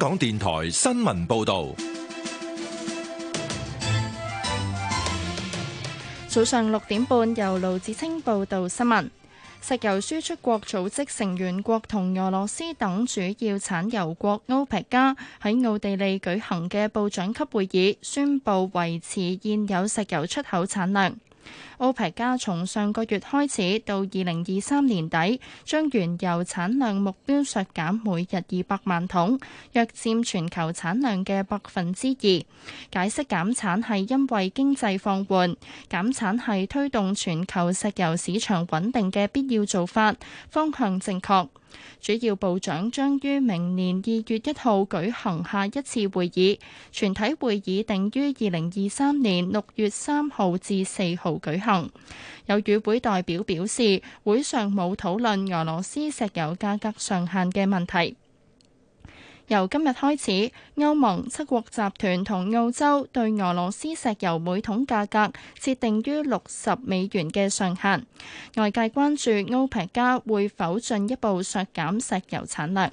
香港電台新聞報道：早上六點半，由盧志清報道新聞。石油輸出國組織成員國同俄羅斯等主要產油國 OPEC 加喺奧地利舉行嘅部長級會議，宣布維持現有石油出口產量。奧佩加從上個月開始到二零二三年底，將原油產量目標削減每日二百萬桶，約佔全球產量嘅百分之二。解釋減產係因為經濟放緩，減產係推動全球石油市場穩定嘅必要做法，方向正確。主要部長將於明年二月一號舉行下一次會議，全體會議定於二零二三年六月三號至四號舉行。有與會代表表示，會上冇討論俄羅斯石油價格上限嘅問題。由今日開始，歐盟七國集團同澳洲對俄羅斯石油每桶價格設定於六十美元嘅上限，外界關注歐佩加會否進一步削減石油產量。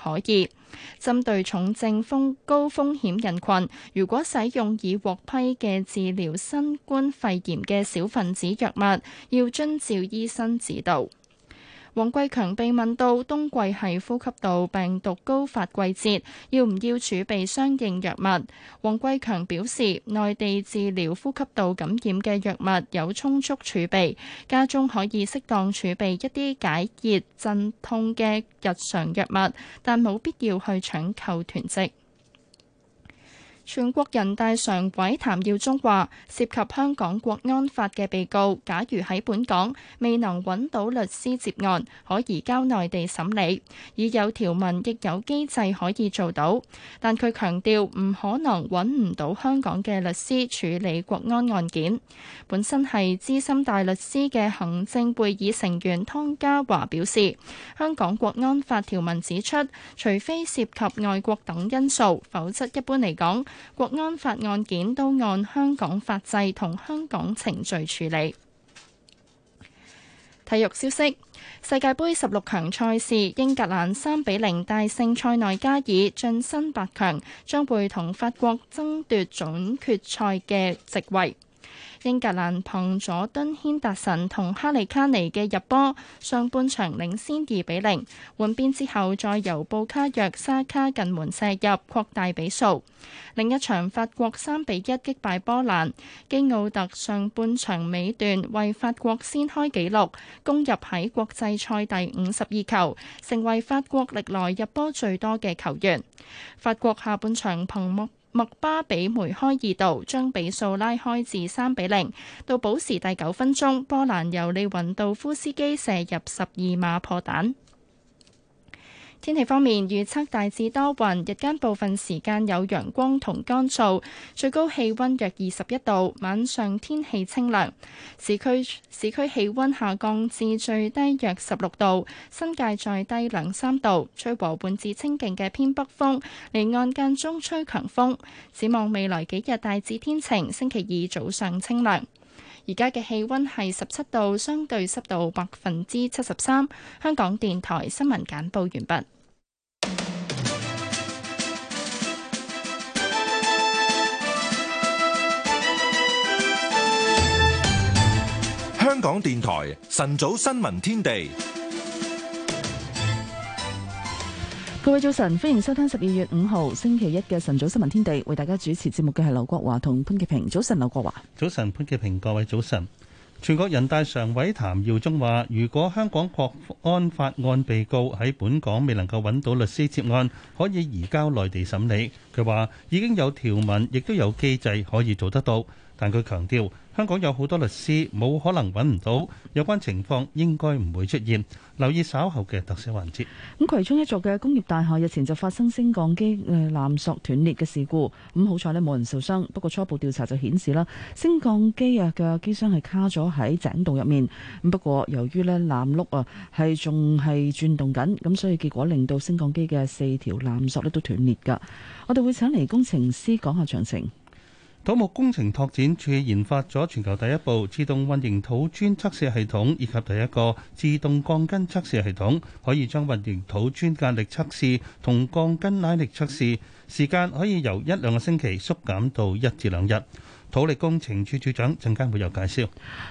可以針對重症風高風險人群，如果使用已獲批嘅治療新冠肺炎嘅小分子藥物，要遵照醫生指導。王貴強被問到冬季係呼吸道病毒高發季節，要唔要儲備相應藥物？王貴強表示，內地治療呼吸道感染嘅藥物有充足儲備，家中可以適當儲備一啲解熱鎮痛嘅日常藥物，但冇必要去搶購囤積。全國人大常委譚耀宗話：涉及香港國安法嘅被告，假如喺本港未能揾到律師接案，可以移交內地審理，已有條文亦有機制可以做到。但佢強調唔可能揾唔到香港嘅律師處理國安案件。本身係資深大律師嘅行政會議成員湯家驊表示，香港國安法條文指出，除非涉及外國等因素，否則一般嚟講，國安法案件都按香港法制同香港程序處理。體育消息：世界杯十六強賽事，英格蘭三比零大勝塞內加爾，晉身八強，將會同法國爭奪準決賽嘅席位。英格蘭憑佐敦軒達臣同哈利卡尼嘅入波，上半場領先二比零。換邊之後，再由布卡約沙卡近門射入擴大比數。另一場法國三比一擊敗波蘭，基奧特上半場尾段為法國先開紀錄，攻入喺國際賽第五十二球，成為法國歷來入波最多嘅球員。法國下半場憑莫麥巴比梅開二度，將比數拉開至三比零。到補時第九分鐘，波蘭由利雲道夫斯基射入十二碼破蛋。天氣方面，預測大致多雲，日間部分時間有陽光同乾燥，最高氣温約二十一度，晚上天氣清涼。市區市區氣温下降至最低約十六度，新界再低兩三度，吹和緩至清勁嘅偏北風，離岸間中吹強風。展望未來幾日大致天晴，星期二早上清涼。而家嘅氣温係十七度，相對濕度百分之七十三。香港電台新聞簡報完畢。香港電台晨早新聞天地，各位早晨，歡迎收聽十二月五號星期一嘅晨早新聞天地，為大家主持節目嘅係劉國華同潘潔平。早晨，劉國華。早晨，潘潔平。各位早晨。全國人大常委譚耀,耀宗話，如果香港國安法案被告喺本港未能夠揾到律師接案，可以移交內地審理。佢話已經有條文，亦都有機制可以做得到。但佢強調，香港有好多律師冇可能揾唔到，有關情況應該唔會出現。留意稍後嘅特色環節。咁葵涌一座嘅工業大廈日前就發生升降機誒纜索斷裂嘅事故，咁好彩咧冇人受傷。不過初步調查就顯示啦，升降機啊嘅機箱係卡咗喺井道入面。咁不過由於咧纜碌啊係仲係轉動緊，咁所以結果令到升降機嘅四條纜索咧都斷裂㗎。我哋會請嚟工程師講下詳情。土木工程拓展處研發咗全球第一部自動運營土磚測試系統，以及第一個自動鋼筋測試系統，可以將運營土磚壓力測試同鋼筋拉力測試時間，可以由一兩個星期縮減到一至兩日。土力工程處處長陣間會有介紹。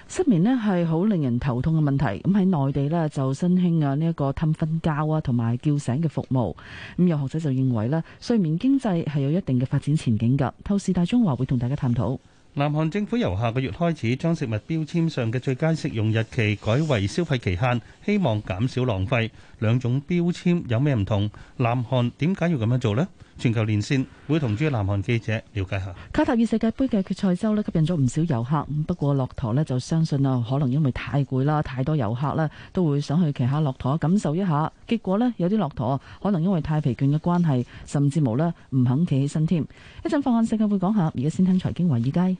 失眠咧係好令人頭痛嘅問題，咁喺內地咧就新興啊呢一個氹瞓覺啊同埋叫醒嘅服務。咁有學者就認為咧，睡眠經濟係有一定嘅發展前景噶。透視大中華會同大家探討。南韓政府由下個月開始，將食物標籤上嘅最佳食用日期改為消費期限，希望減少浪費。兩種標籤有咩唔同？南韓點解要咁樣做呢？全球連線，會同駐南韓記者了解下。卡塔爾世界盃嘅決賽周咧，吸引咗唔少遊客。不過駱駝咧就相信啊，可能因為太攰啦，太多遊客啦，都會想去騎下駱駝感受一下。結果咧，有啲駱駝可能因為太疲倦嘅關係，甚至無咧唔肯企起身添。一陣放眼世界會講下，而家先聽財經華爾街。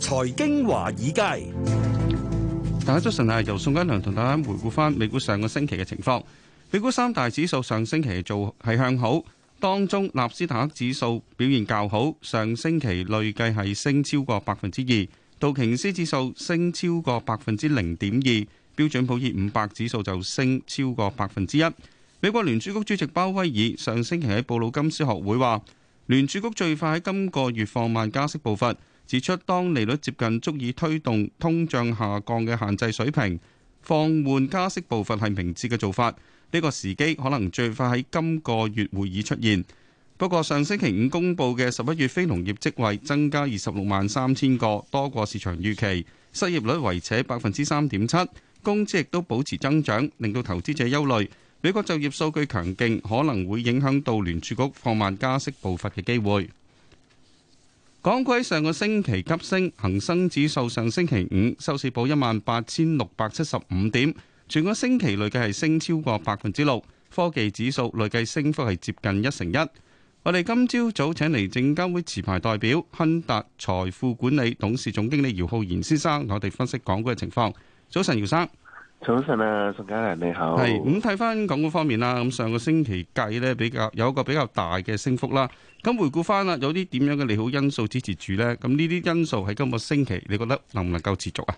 財經華爾街。大家早晨啊！係由宋嘉良同大家回顧返美股上個星期嘅情況。美股三大指數上星期做係向好，當中納斯達克指數表現較好，上星期累計係升超過百分之二。道瓊斯指數升超過百分之零點二，標準普爾五百指數就升超過百分之一。美國聯儲局主席鮑威爾上星期喺布魯金斯學會話，聯儲局最快喺今個月放慢加息步伐。指出，當利率接近足以推動通脹下降嘅限制水平，放緩加息步伐係明智嘅做法。呢個時機可能最快喺今個月會議出現。不過，上星期五公佈嘅十一月非農業職位增加二十六萬三千個，多過市場預期，失業率維持百分之三點七，工資亦都保持增長，令到投資者憂慮。美國就業數據強勁，可能會影響到聯儲局放慢加息步伐嘅機會。港股喺上個星期急升，恒生指數上星期五收市報一萬八千六百七十五點，全個星期累計係升超過百分之六，科技指數累計升幅係接近一成一。我哋今朝早早請嚟證監會持牌代表亨達財富管理董事總經理姚浩然先生，我哋分析港股嘅情況。早晨，姚生。早晨啊，宋嘉良你好。係咁睇翻港股方面啦，咁上個星期計咧比較有一個比較大嘅升幅啦。咁回顧翻啦，有啲點樣嘅利好因素支持住咧？咁呢啲因素喺今個星期你覺得能唔能夠持續啊？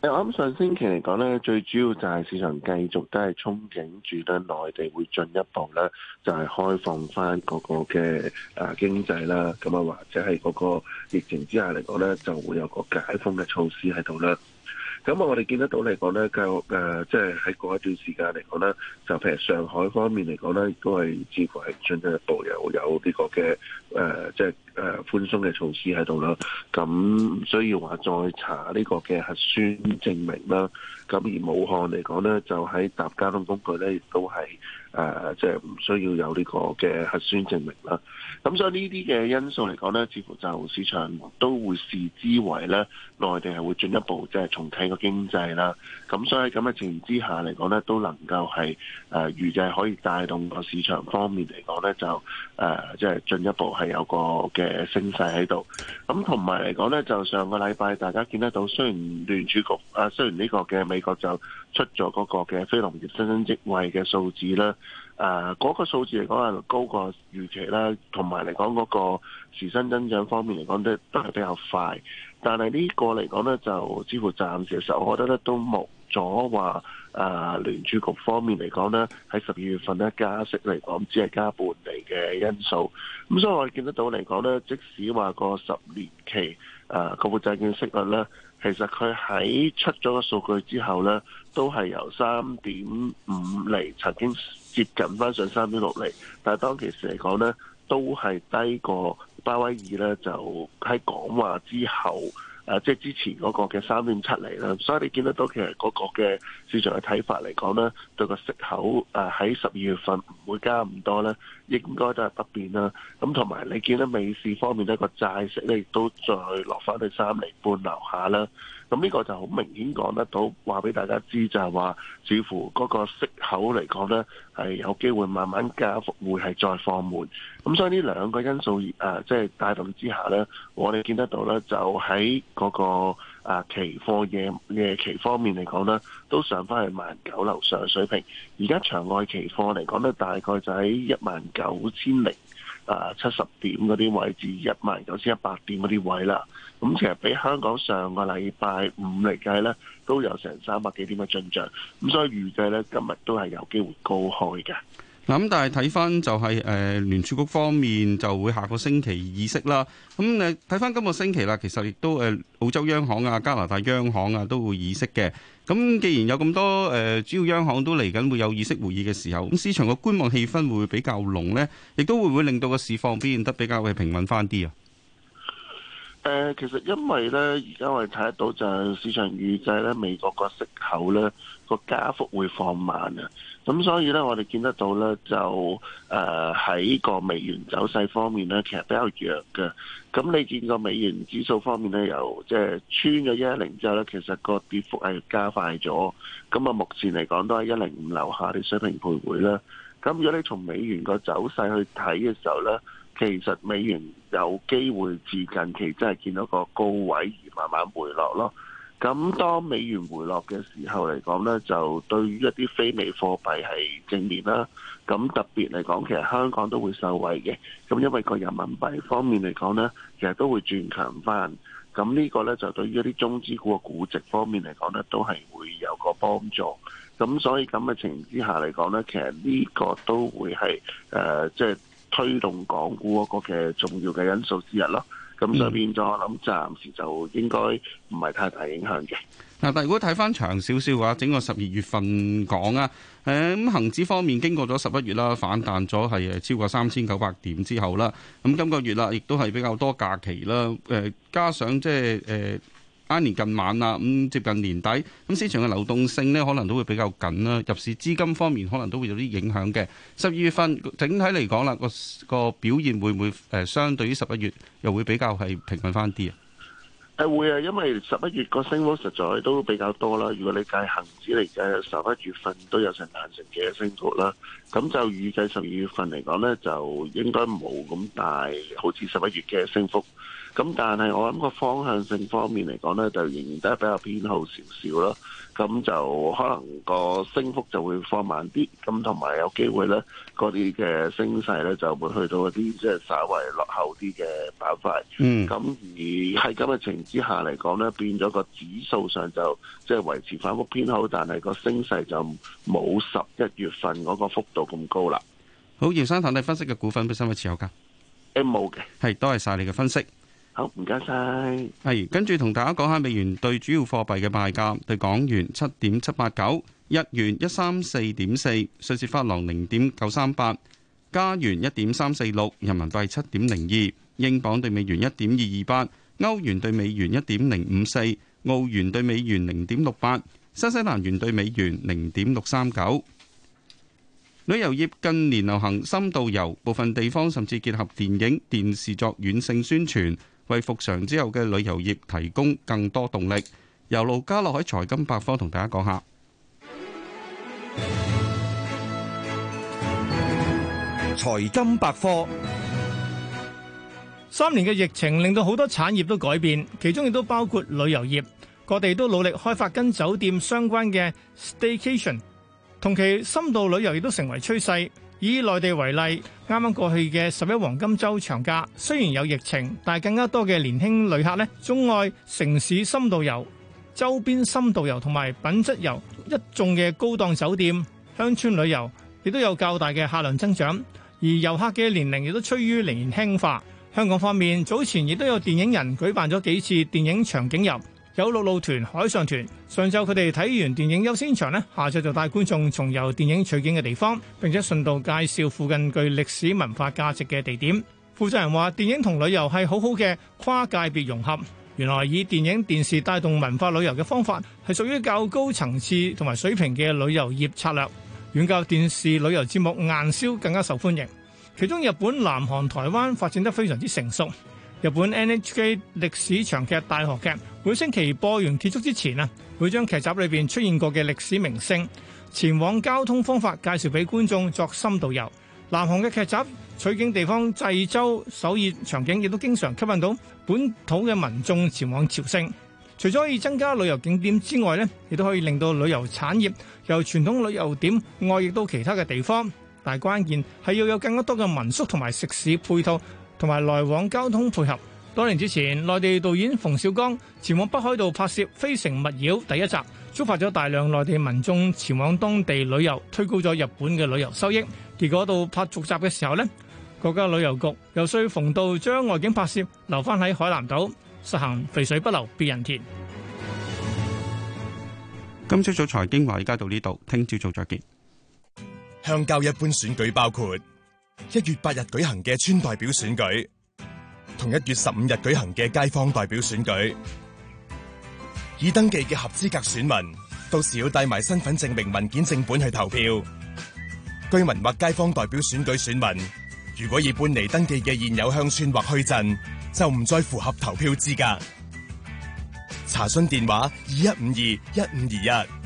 誒、哎，我諗上星期嚟講咧，最主要就係市場繼續都係憧憬住咧，內地會進一步咧就係、是、開放翻嗰個嘅誒經濟啦。咁啊，或者係嗰個疫情之下嚟講咧，就會有個解封嘅措施喺度啦。咁啊，我哋見得到嚟講咧，就誒，即係喺過一段時間嚟講咧，就譬如上海方面嚟講咧，亦都係似乎係進進一步又有呢個嘅誒，即係誒寬鬆嘅措施喺度啦。咁唔需要話再查呢個嘅核酸證明啦。咁而武漢嚟講咧，就喺搭交通工具咧，亦都係。誒，即係唔需要有呢個嘅核酸證明啦。咁所以呢啲嘅因素嚟講呢，似乎就市場都會視之為咧，內地係會進一步即係重啟個經濟啦。咁所以咁嘅情形之下嚟講呢，都能夠係誒預計可以帶動個市場方面嚟講呢，就誒即係進一步係有個嘅升勢喺度。咁同埋嚟講呢，就上個禮拜大家見得到，雖然聯儲局誒、啊，雖然呢個嘅美國就出咗嗰個嘅非農業新增職位嘅數字啦。誒嗰、呃那個數字嚟講係高過預期啦，同埋嚟講嗰個時薪增長方面嚟講，都都係比較快。但係呢個嚟講呢，就似乎暫時其實我覺得呢都冇咗話誒聯儲局方面嚟講呢，喺十二月份呢加息嚟講，只係加半厘嘅因素。咁所以我見得到嚟講呢，即使話個十年期誒國庫債券息率呢，其實佢喺出咗個數據之後呢，都係由三點五厘曾經。接近翻上三點六釐，但係當其時嚟講咧，都係低過鮑威爾咧，就喺講話之後，啊，即係之前嗰個嘅三點七釐啦，所以你見得到其實嗰個嘅。市場嘅睇法嚟講呢，對個息口誒，喺十二月份唔會加咁多呢，應該都係不變啦。咁同埋你見到美市方面呢、個債息呢亦都再落翻去三厘半樓下啦。咁呢個就好明顯講得到，話俾大家知就係話，似乎嗰個息口嚟講呢係有機會慢慢加幅，會係再放緩。咁所以呢兩個因素誒，即係帶動之下呢，我哋見得到呢就喺嗰個。啊，期貨夜夜期方面嚟講呢都上翻去萬九樓上水平。而家場外期貨嚟講呢大概就喺一萬九千零啊七十點嗰啲位置，一萬九千一百點嗰啲位啦。咁其實比香港上個禮拜五嚟計呢，都有成三百幾點嘅進賬。咁所以預計呢，今日都係有機會高開嘅。嗱咁，但係睇翻就係、是、誒、呃、聯儲局方面就會下個星期議息啦。咁誒睇翻今個星期啦，其實亦都誒、呃、澳洲央行啊、加拿大央行啊都會議息嘅。咁既然有咁多誒、呃、主要央行都嚟緊會有議息會議嘅時候，咁市場個觀望氣氛會,會比較濃呢，亦都會唔會令到個市況表現得比較會平穩翻啲啊？誒，其實因為咧，而家我哋睇得到就係市場預計咧，美國個息口咧個加幅會放慢啊。咁所以咧，我哋見得到咧，就誒喺個美元走勢方面咧，其實比較弱嘅。咁你見個美元指數方面咧，有即係穿咗一一零之後咧，其實個跌幅係加快咗。咁啊，目前嚟講都喺一零五樓下啲水平徘徊啦。咁如果你從美元個走勢去睇嘅時候咧。其實美元有機會至近期真係見到個高位而慢慢回落咯。咁當美元回落嘅時候嚟講呢，就對於一啲非美貨幣係正面啦。咁特別嚟講，其實香港都會受惠嘅。咁因為個人民幣方面嚟講呢，其實都會轉強翻。咁呢個呢，就對於一啲中資股嘅估值方面嚟講呢，都係會有個幫助。咁所以咁嘅情形之下嚟講呢，其實呢個都會係誒即係。呃，就是推動港股嗰個嘅重要嘅因素之一咯，咁所以變咗我諗暫時就應該唔係太大影響嘅。嗱，但如果睇翻長少少嘅話，整個十二月份講啊，誒咁恒指方面經過咗十一月啦，反彈咗係誒超過三千九百點之後啦，咁今個月啦，亦都係比較多假期啦，誒加上即係誒。呃近年近晚啊，咁、嗯、接近年底，咁市場嘅流動性呢可能都會比較緊啦。入市資金方面，可能都會有啲影響嘅。十二月份整體嚟講啦，個個表現會唔會誒、呃、相對於十一月又會比較係平穩翻啲啊？誒會啊，因為十一月個升幅實在都比較多啦。如果你計恒指嚟計，十一月份都有成彈性嘅升幅啦。咁就預計十二月份嚟講呢，就應該冇咁大好似十一月嘅升幅。咁但係我諗個方向性方面嚟講咧，就仍然都係比較偏好少少咯。咁就可能個升幅就會放慢啲，咁同埋有機會咧，嗰啲嘅升勢咧就會去到一啲即係稍為落後啲嘅板塊。嗯。咁而喺咁嘅情之下嚟講咧，變咗個指數上就即係維持反覆偏好，但係個升勢就冇十一月份嗰個幅度咁高啦。好，姚生，坦睇分析嘅股份俾三位持有家？冇嘅。係，多謝晒你嘅分析。好唔該晒。係跟住同大家講下美元對主要貨幣嘅賣價：對港元七點七八九，日元一三四點四，瑞士法郎零點九三八，加元一點三四六，人民幣七點零二，英鎊對美元一點二二八，歐元對美元一點零五四，澳元對美元零點六八，新西蘭元對美元零點六三九。旅遊業近年流行深度遊，部分地方甚至結合電影、電視作軟性宣傳，為復常之後嘅旅遊業提供更多動力。由盧家樂喺財金百科同大家講下財金百科。三年嘅疫情令到好多產業都改變，其中亦都包括旅遊業。各地都努力開發跟酒店相關嘅 staycation，同期深度旅遊亦都成為趨勢。以內地為例，啱啱過去嘅十一黃金週長假，雖然有疫情，但更加多嘅年輕旅客呢，鍾愛城市深度遊、周邊深度遊同埋品質遊，一眾嘅高檔酒店、鄉村旅遊，亦都有較大嘅客量增長。而遊客嘅年齡亦都趨於年輕化。香港方面，早前亦都有電影人舉辦咗幾次電影場景遊。有陸路團、海上團。上晝佢哋睇完電影優先場咧，下晝就帶觀眾重遊電影取景嘅地方，並且順道介紹附近具歷史文化價值嘅地點。負責人話：電影同旅遊係好好嘅跨界別融合。原來以電影電視帶動文化旅遊嘅方法，係屬於較高層次同埋水平嘅旅遊業策略。遠較電視旅遊節目硬銷更加受歡迎。其中日本、南韓、台灣發展得非常之成熟。日本 NHK 歷史長劇《大河劇》，每星期播完結束之前啊，會將劇集裏邊出現過嘅歷史名勝，前往交通方法介紹俾觀眾作深度遊。南韓嘅劇集取景地方濟州、首爾場景，亦都經常吸引到本土嘅民眾前往朝聖。除咗可以增加旅遊景點之外呢，亦都可以令到旅遊產業由傳統旅遊點外溢到其他嘅地方。但係關鍵係要有更加多嘅民宿同埋食肆配套。同埋來往交通配合。多年之前，內地導演馮小剛前往北海道拍攝《非誠勿擾》第一集，觸發咗大量內地民眾前往當地旅遊，推高咗日本嘅旅遊收益。結果到拍續集嘅時候呢，國家旅遊局又遊說馮導將外景拍攝留翻喺海南島，實行肥水不流別人田。今朝早財經話，而家到呢度，聽朝早再見。鄉郊一般選舉包括。一月八日舉行嘅村代表選舉，同一月十五日舉行嘅街坊代表選舉，已登記嘅合資格選民，到時要帶埋身份證明文件正本去投票。居民或街坊代表選舉選民，如果已搬離登記嘅現有鄉村或墟鎮，就唔再符合投票資格。查詢電話21 5 21 5 21：二一五二一五二一。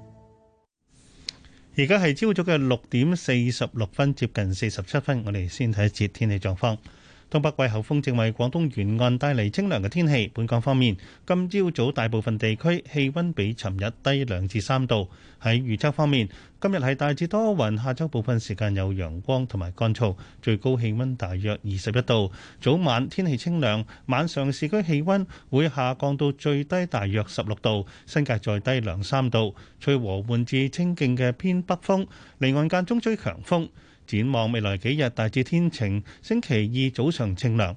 而家係朝早嘅六點四十六分，接近四十七分，我哋先睇一節天氣狀況。東北季候風正為廣東沿岸帶嚟清涼嘅天氣，本港方面，今朝早，早大部分地區氣温比尋日低兩至三度。喺預測方面，今日係大致多雲，下晝部分時間有陽光同埋乾燥，最高氣温大約二十一度。早晚天氣清涼，晚上市區氣温會下降到最低大約十六度，新界再低兩三度。吹和緩至清勁嘅偏北風，離岸間中吹強風。展望未來幾日大致天晴，星期二早上清涼。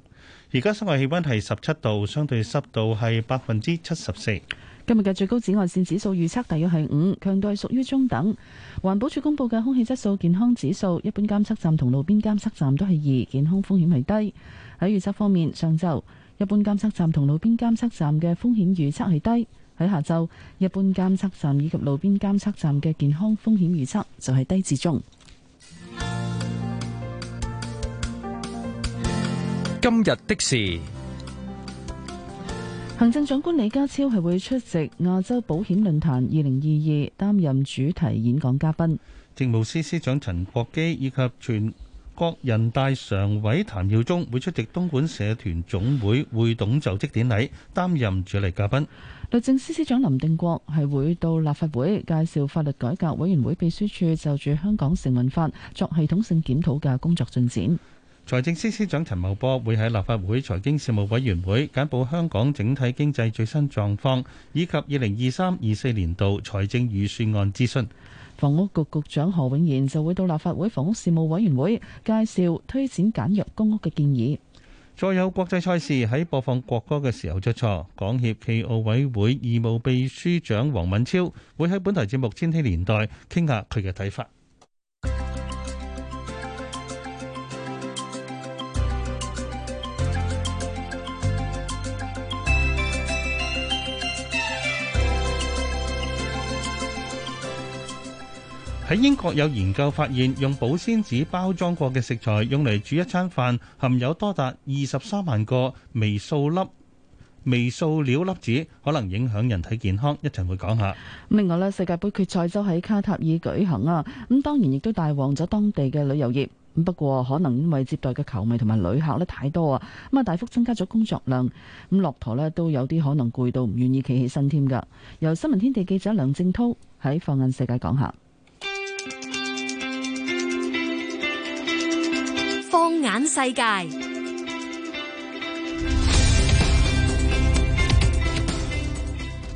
而家室外氣温係十七度，相對濕度係百分之七十四。今日嘅最高紫外線指數預測大約係五，強度係屬於中等。環保署公布嘅空氣質素健康指數，一般監測站同路邊監測站都係二，健康風險係低。喺預測方面，上晝一般監測站同路邊監測站嘅風險預測係低；喺下晝，一般監測站以及路邊監測站嘅健康風險預測就係低至中。今日的事，行政長官李家超係會出席亞洲保險論壇二零二二，擔任主題演講嘉賓。政務司司長陳國基以及全國人大常委譚耀宗會出席東莞社團總會會董就職典禮，擔任主禮嘉賓。律政司司長林定國係會到立法會介紹法律改革委員會秘書處就住香港成文法作系統性檢討嘅工作進展。財政司司長陳茂波會喺立法會財經事務委員會簡報香港整體經濟最新狀況，以及二零二三、二四年度財政預算案諮詢。房屋局局長何永賢就會到立法會房屋事務委員會介紹推展簡約公屋嘅建議。再有國際賽事喺播放國歌嘅時候出錯，港協暨奧委會義務秘書長王敏超會喺本台節目《千禧年代》傾下佢嘅睇法。喺英國有研究發現，用保鮮紙包裝過嘅食材用嚟煮一餐飯，含有多達二十三萬個微塑粒、微塑料粒子，可能影響人體健康。一陣會講下。另外呢世界杯決賽就喺卡塔爾舉行啊，咁當然亦都帶旺咗當地嘅旅遊業。不過可能因為接待嘅球迷同埋旅客咧太多啊，咁啊大幅增加咗工作量，咁駱駝咧都有啲可能攰到唔願意企起身添噶。由新聞天地記者梁正濤喺放眼世界講下。放眼世界，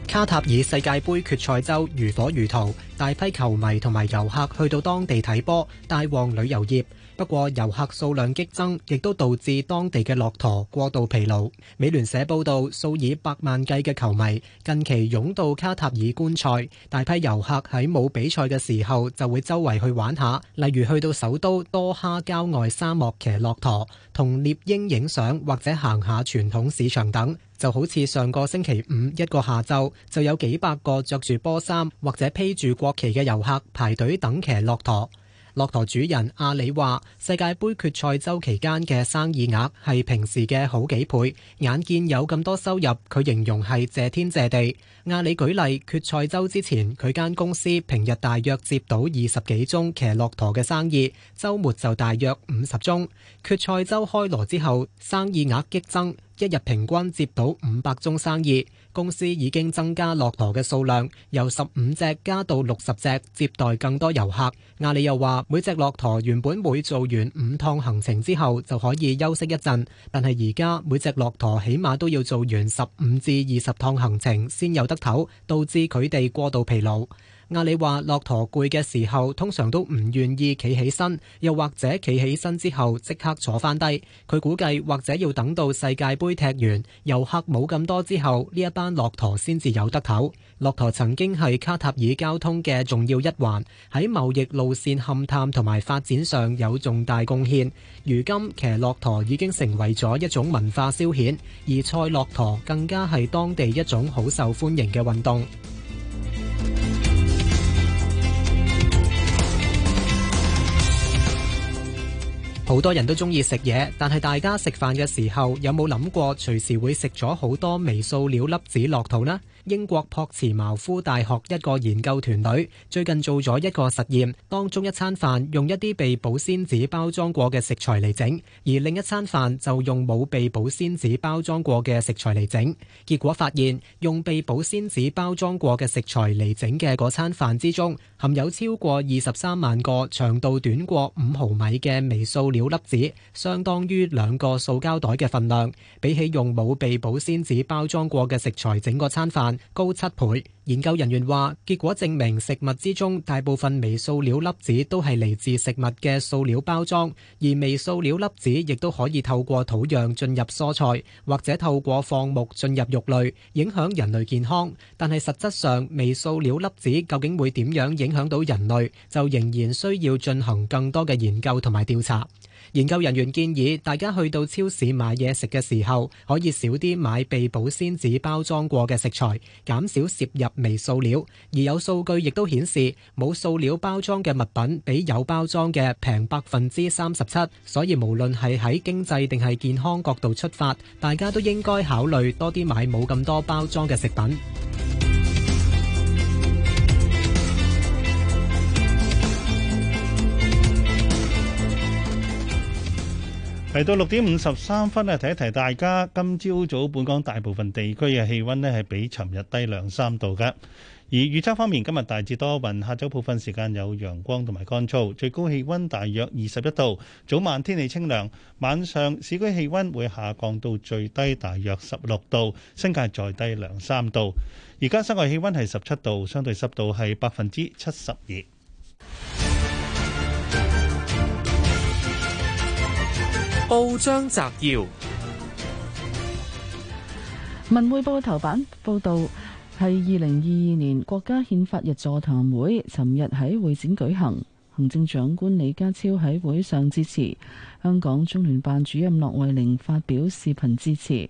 卡塔爾世界杯決賽周如火如荼，大批球迷同埋遊客去到當地睇波，大旺旅遊業。不過遊客數量激增，亦都導致當地嘅駱駝過度疲勞。美聯社報道，數以百萬計嘅球迷近期湧到卡塔爾觀賽，大批遊客喺冇比賽嘅時候就會周圍去玩下，例如去到首都多哈郊外沙漠騎駱駝、同獵鷹影相或者行下傳統市場等。就好似上個星期五一個下晝，就有幾百個着住波衫或者披住國旗嘅遊客排隊等騎駱駝。駱駝主人阿里話：世界盃決賽周期間嘅生意額係平時嘅好幾倍。眼見有咁多收入，佢形容係謝天謝地。阿里舉例，決賽周之前佢間公司平日大約接到二十幾宗騎駱駝嘅生意，周末就大約五十宗。決賽周開鑼之後，生意額激增，一日平均接到五百宗生意。公司已經增加駱駝嘅數量，由十五隻加到六十隻，接待更多遊客。阿里又話，每隻駱駝原本每做完五趟行程之後就可以休息一陣，但係而家每隻駱駝起碼都要做完十五至二十趟行程先有得唞，導致佢哋過度疲勞。阿里話：駱駝攰嘅時候，通常都唔願意企起身，又或者企起身之後即刻坐翻低。佢估計或者要等到世界盃踢完，遊客冇咁多之後，呢一班駱駝先至有得唞。駱駝曾經係卡塔爾交通嘅重要一環，喺貿易路線勘探同埋發展上有重大貢獻。如今騎駱駝已經成為咗一種文化消遣，而賽駱駝更加係當地一種好受歡迎嘅運動。好多人都中意食嘢，但係大家食飯嘅時候有冇諗過隨時會食咗好多微塑料粒子落肚呢？英國樸茨茅夫大學一個研究團隊最近做咗一個實驗，當中一餐飯用一啲被保鮮紙包裝過嘅食材嚟整，而另一餐飯就用冇被保鮮紙包裝過嘅食材嚟整，結果發現用被保鮮紙包裝過嘅食材嚟整嘅嗰餐飯之中，含有超過二十三萬個長度短過五毫米嘅微塑料粒子，相當於兩個塑膠袋嘅份量，比起用冇被保鮮紙包裝過嘅食材整個餐飯，高七倍。研究人員話：結果證明，食物之中大部分微塑料粒子都係嚟自食物嘅塑料包裝，而微塑料粒子亦都可以透過土壤進入蔬菜，或者透過放牧進入肉類，影響人類健康。但係實質上，微塑料粒子究竟會點樣影響到人類，就仍然需要進行更多嘅研究同埋調查。研究人員建議大家去到超市買嘢食嘅時候，可以少啲買被保鮮紙包裝過嘅食材，減少攝入微塑料。而有數據亦都顯示，冇塑料包裝嘅物品比有包裝嘅平百分之三十七。所以無論係喺經濟定係健康角度出發，大家都應該考慮多啲買冇咁多包裝嘅食品。嚟到六點五十三分咧，提一提大家，今朝早本港大部分地區嘅氣温咧係比尋日低兩三度嘅。而預測方面，今日大致多雲，下晝部分時間有陽光同埋乾燥，最高氣温大約二十一度，早晚天氣清涼，晚上市區氣温會下降到最低大約十六度，新界再低兩三度。而家室外氣温係十七度，相對濕度係百分之七十二。報章摘要：《文匯報》頭版報道，係二零二二年國家憲法日座談會，尋日喺會展舉行。行政長官李家超喺會上致辭，香港中聯辦主任駱惠寧發表視頻致辭。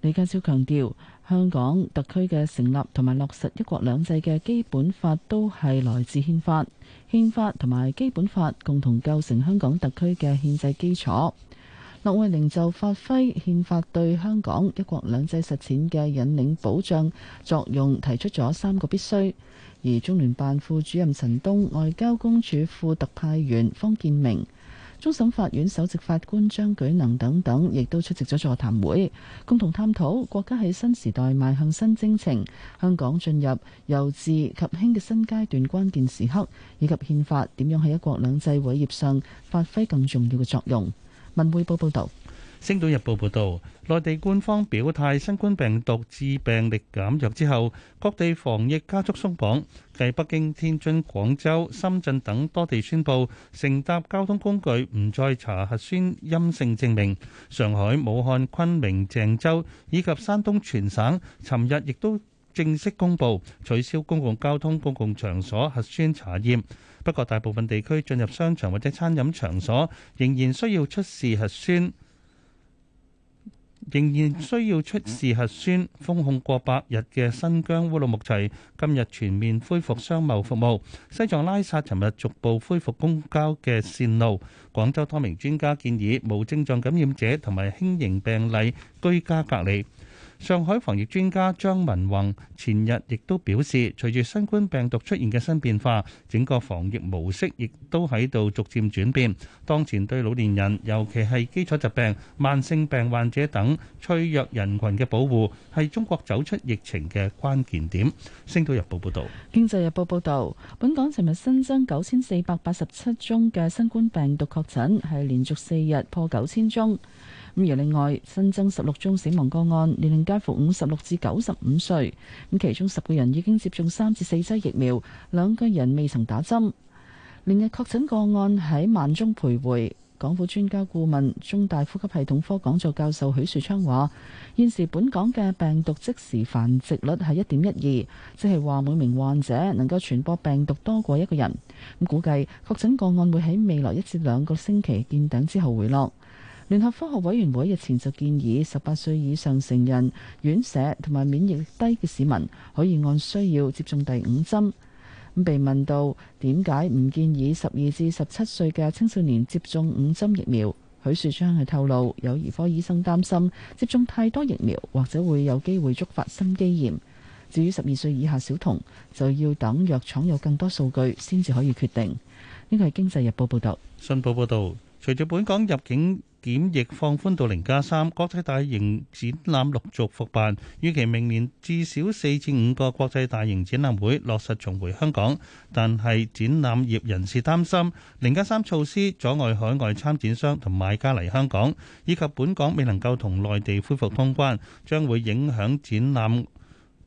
李家超強調，香港特區嘅成立同埋落實一國兩制嘅基本法，都係來自憲法、憲法同埋基本法，共同構成香港特區嘅憲制基礎。駱惠寧就發揮憲法對香港一國兩制實踐嘅引領保障作用，提出咗三個必須。而中聯辦副主任陳東、外交公署副特派員方建明、終審法院首席法官張舉能等等，亦都出席咗座談會，共同探討國家喺新時代邁向新征程，香港進入由治及興嘅新階段關鍵時刻，以及憲法點樣喺一國兩制偉業上發揮更重要嘅作用。文匯報報道，《星島日報》報道，內地官方表態新冠病毒致病力減弱之後，各地防疫加速鬆綁。繼北京、天津、廣州、深圳等多地宣布乘搭交通工具唔再查核酸陰性證明，上海、武漢、昆明、鄭州以及山東全省，尋日亦都正式公布取消公共交通、公共場所核酸查驗。不過，大部分地區進入商場或者餐飲場所仍然需要出示核酸，仍然需要出示核酸。封控過百日嘅新疆烏魯木齊今日全面恢復商貿服務。西藏拉薩尋日逐步恢復公交嘅線路。廣州多名專家建議無症狀感染者同埋輕型病例居家隔離。上海防疫專家張文宏前日亦都表示，隨住新冠病毒出現嘅新變化，整個防疫模式亦都喺度逐漸轉變。當前對老年人，尤其係基礎疾病、慢性病患者等脆弱人群嘅保護，係中國走出疫情嘅關鍵點。星島日報報道，經濟日報報道，本港尋日新增九千四百八十七宗嘅新冠病毒確診，係連續四日破九千宗。咁而另外新增十六宗死亡個案，年齡介乎五十六至九十五歲，咁其中十個人已經接種三至四劑疫苗，兩個人未曾打針。連日，確診個案喺萬中徘徊。港府專家顧問、中大呼吸系統科講座教授許樹昌話，現時本港嘅病毒即時繁殖率係一點一二，即係話每名患者能夠傳播病毒多過一個人。咁估計確診個案會喺未來一至兩個星期見頂之後回落。聯合科學委員會日前就建議十八歲以上成人、院舍同埋免疫低嘅市民可以按需要接種第五針。被問到點解唔建議十二至十七歲嘅青少年接種五針疫苗，許樹昌係透露，有兒科醫生擔心接種太多疫苗或者會有機會觸發心肌炎。至於十二歲以下小童，就要等藥廠有更多數據先至可以決定。呢個係《經濟日報》報導，《信報》報導，隨住本港入境。檢疫放寬到零加三，國際大型展覽陸續復辦，預期明年至少四至五個國際大型展覽會落實重回香港。但係展覽業人士擔心零加三措施阻礙海外參展商同買家嚟香港，以及本港未能夠同內地恢復通關，將會影響展覽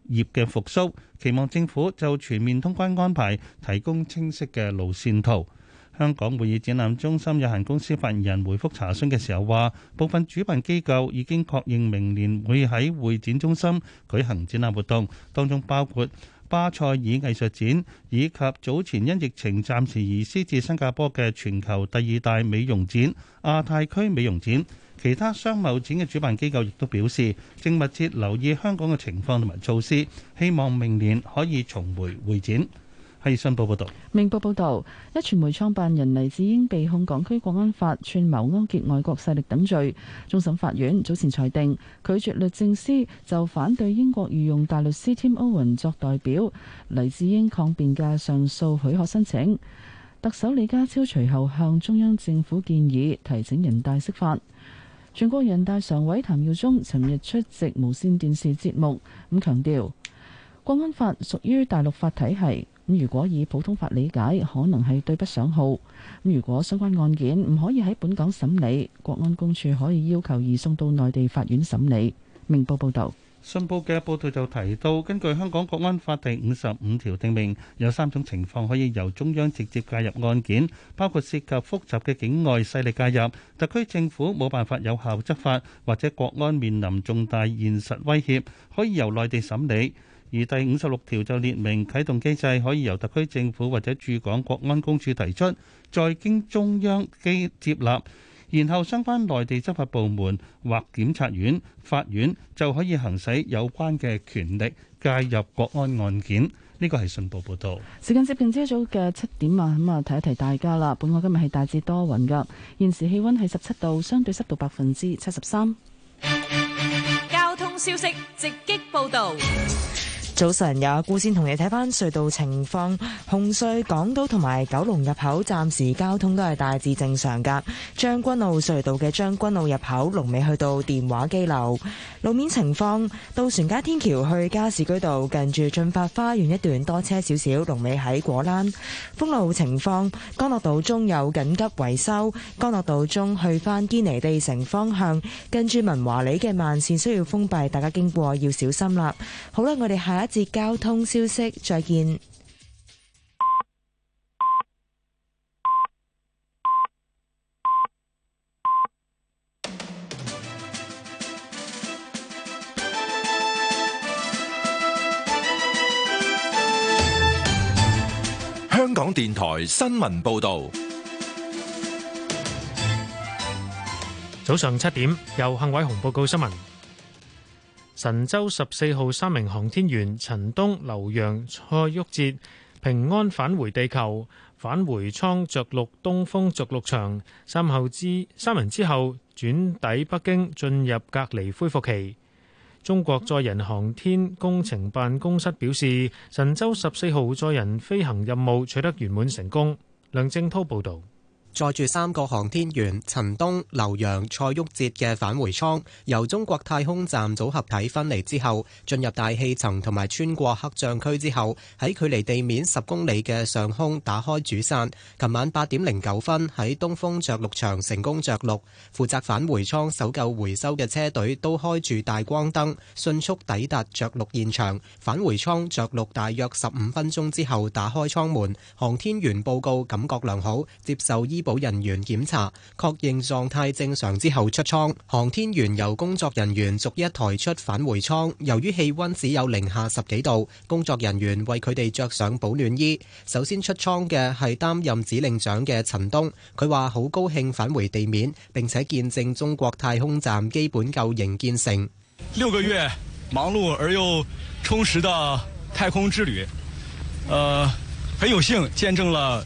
業嘅復甦。期望政府就全面通關安排提供清晰嘅路線圖。香港會議展覽中心有限公司發言人回覆查詢嘅時候話：部分主辦機構已經確認明年會喺會展中心舉行展覽活動，當中包括巴塞爾藝術展以及早前因疫情暫時移師至新加坡嘅全球第二大美容展亞太區美容展。其他商貿展嘅主辦機構亦都表示正密切留意香港嘅情況同埋措施，希望明年可以重回會展。《新報》報道，《明報》報道，一傳媒創辦人黎智英被控港區國安法串謀勾結外國勢力等罪。終審法院早前裁定拒絕律政司就反對英國御用大律師 Tim Owen 作代表黎智英抗辯嘅上訴許可申請。特首李家超隨後向中央政府建議提請人大釋法。全國人大常委譚耀宗尋日出席無線電視節目，咁強調國安法屬於大陸法體系。如果以普通法理解，可能係對不上號。如果相關案件唔可以喺本港審理，國安公署可以要求移送到內地法院審理。明報報道，信報嘅報道就提到，根據香港國安法第五十五條定明，有三種情況可以由中央直接介入案件，包括涉及複雜嘅境外勢力介入、特區政府冇辦法有效執法，或者國安面臨重大現實威脅，可以由內地審理。而第五十六條就列明，啟動機制可以由特區政府或者駐港國安公署提出，再經中央機接納，然後相關內地執法部門或檢察院、法院就可以行使有關嘅權力介入國安案件。呢個係信報報道。時間接近朝早嘅七點啊，咁啊提一提大家啦。本港今日係大致多雲噶，現時氣溫係十七度，相對濕度百分之七十三。交通消息直擊報道。早晨，有阿、啊、顧先同你睇翻隧道情況，紅隧，港島同埋九龍入口暫時交通都係大致正常噶。將軍澳隧道嘅將軍澳入口龍尾去到電話機樓。路面情況，渡船街天橋去加士居道近住駿發花園一段多車少少，龍尾喺果欄。封路情況，干諾道中有緊急維修，干諾道中去翻堅尼地城方向，近住文華里嘅慢綫需要封閉，大家經過要小心啦。好啦，我哋下一。接交通消息，再見。香港電台新聞報道，早上七點，由幸偉雄報告新聞。神舟十四號三名航天員陳冬、劉洋、蔡旭哲平安返回地球，返回艙着陸東風着陸場。三後之三人之後轉抵北京，進入隔離恢復期。中國載人航天工程辦公室表示，神舟十四號載人飛行任務取得圓滿成功。梁正濤報道。載住三個航天員陳冬、劉洋、蔡旭哲嘅返回艙，由中國太空站組合體分離之後，進入大氣層同埋穿過黑障區之後，喺距離地面十公里嘅上空打開主傘。琴晚八點零九分喺東風着陸場成功着陸。負責返回艙搜救回收嘅車隊都開住大光燈，迅速抵達着陸現場。返回艙着陸大約十五分鐘之後打開艙門，航天員報告感覺良好，接受醫保人員檢查確認狀態正常之後出艙，航天員由工作人員逐一抬出返回艙。由於氣温只有零下十幾度，工作人員為佢哋着上保暖衣。首先出艙嘅係擔任指令長嘅陳冬，佢話好高興返回地面，並且見證中國太空站基本構型建成。六個月忙碌而又充實嘅太空之旅，呃，很有幸見證了。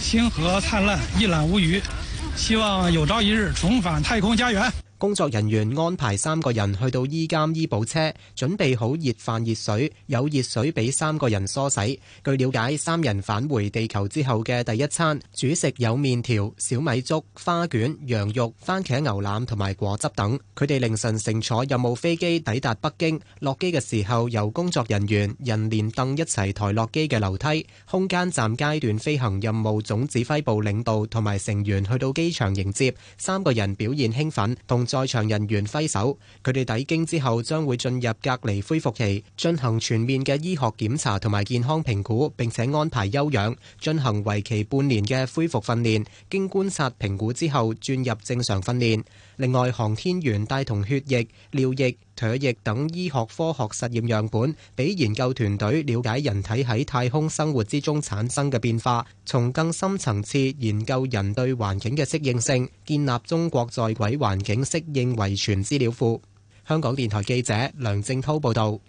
星河燦爛，一覽無餘，希望有朝一日重返太空家園。工作人員安排三個人去到醫監醫保車，準備好熱飯熱水，有熱水俾三個人梳洗。據了解，三人返回地球之後嘅第一餐主食有麵條、小米粥、花捲、羊肉、番茄牛腩同埋果汁等。佢哋凌晨乘坐任務飛機抵達北京，落機嘅時候由工作人員、人連凳一齊抬落機嘅樓梯。空間站階段飛行任務總指揮部領導同埋成員去到機場迎接三個人，表現興奮同在場人員揮手，佢哋抵京之後將會進入隔離恢復期，進行全面嘅醫學檢查同埋健康評估，並且安排休養，進行為期半年嘅恢復訓練。經觀察評估之後，轉入正常訓練。另外，航天員帶同血液、尿液、唾液等醫學科學實驗樣本，俾研究團隊了解人體喺太空生活之中產生嘅變化，從更深層次研究人對環境嘅適應性，建立中國在軌環境適應遺傳資料庫。香港電台記者梁正滔報道。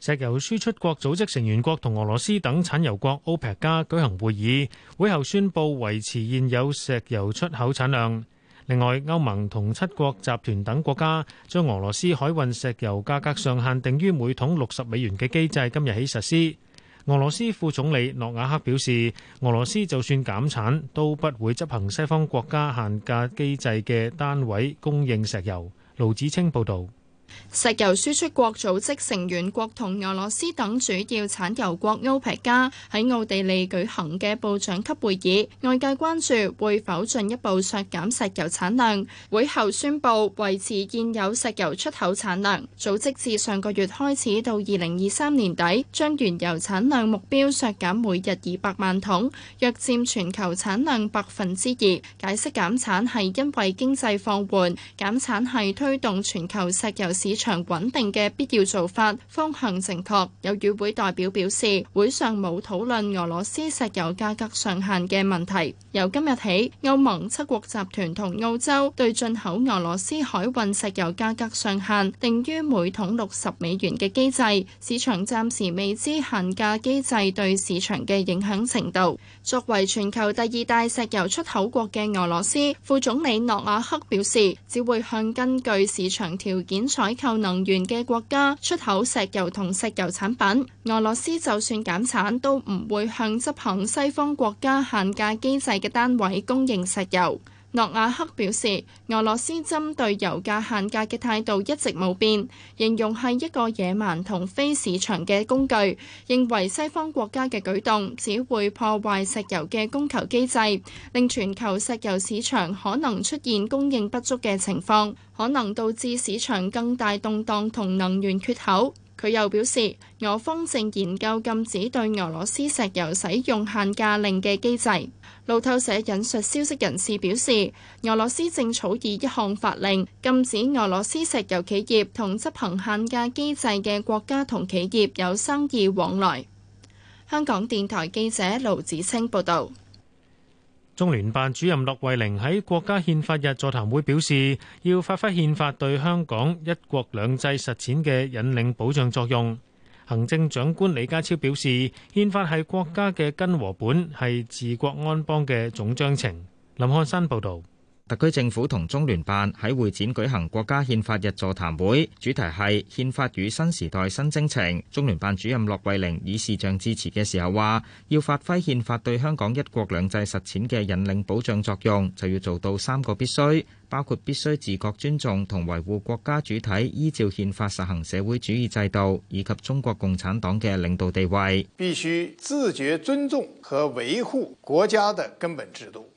石油輸出國組織成員國同俄羅斯等產油國 OPEC+ 舉行會議，會後宣布維持現有石油出口產量。另外，歐盟同七國集團等國家將俄羅斯海運石油價格上限定於每桶六十美元嘅機制今日起實施。俄羅斯副總理諾瓦克表示，俄羅斯就算減產，都不會執行西方國家限價機制嘅單位供應石油。盧子清報道。石油輸出國組織成員國同俄羅斯等主要產油國歐佩加喺奧地利舉行嘅部長級會議，外界關注會否進一步削減石油產量。會後宣布維持現有石油出口產量。組織自上個月開始到二零二三年底，將原油產量目標削減每日二百萬桶，約佔全球產量百分之二。解釋減產係因為經濟放緩，減產係推動全球石油市場穩定嘅必要做法，方向正確。有與會代表表示，會上冇討論俄羅斯石油價格上限嘅問題。由今日起，歐盟七國集團同澳洲對進口俄羅斯海運石油價格上限定於每桶六十美元嘅機制，市場暫時未知限價機制對市場嘅影響程度。作為全球第二大石油出口國嘅俄羅斯，副總理諾瓦克表示，只會向根據市場條件採。採購能源嘅國家出口石油同石油產品，俄羅斯就算減產，都唔會向執行西方國家限價機制嘅單位供應石油。諾亞克表示，俄羅斯針對油價限價嘅態度一直冇變，形容係一個野蠻同非市場嘅工具，認為西方國家嘅舉動只會破壞石油嘅供求機制，令全球石油市場可能出現供應不足嘅情況，可能導致市場更大動盪同能源缺口。佢又表示，俄方正研究禁止對俄羅斯石油使用限價令嘅機制。路透社引述消息人士表示，俄羅斯正草擬一項法令，禁止俄羅斯石油企業同執行限價機制嘅國家同企業有生意往來，香港電台記者盧子清報道。中聯辦主任駱惠寧喺國家憲法日座談會表示，要發揮憲法對香港一國兩制實踐嘅引領保障作用。行政長官李家超表示，憲法係國家嘅根和本，係治國安邦嘅總章程。林漢山報導。特區政府同中聯辦喺會展舉行國家憲法日座談會，主題係憲法與新時代新征程。中聯辦主任駱惠寧以視像致辭嘅時候話，要發揮憲法對香港一國兩制實踐嘅引領保障作用，就要做到三個必須，包括必須自覺尊重同維護國家主體，依照憲法實行社會主義制度以及中國共產黨嘅領導地位，必須自覺尊重和維護國家的根本制度。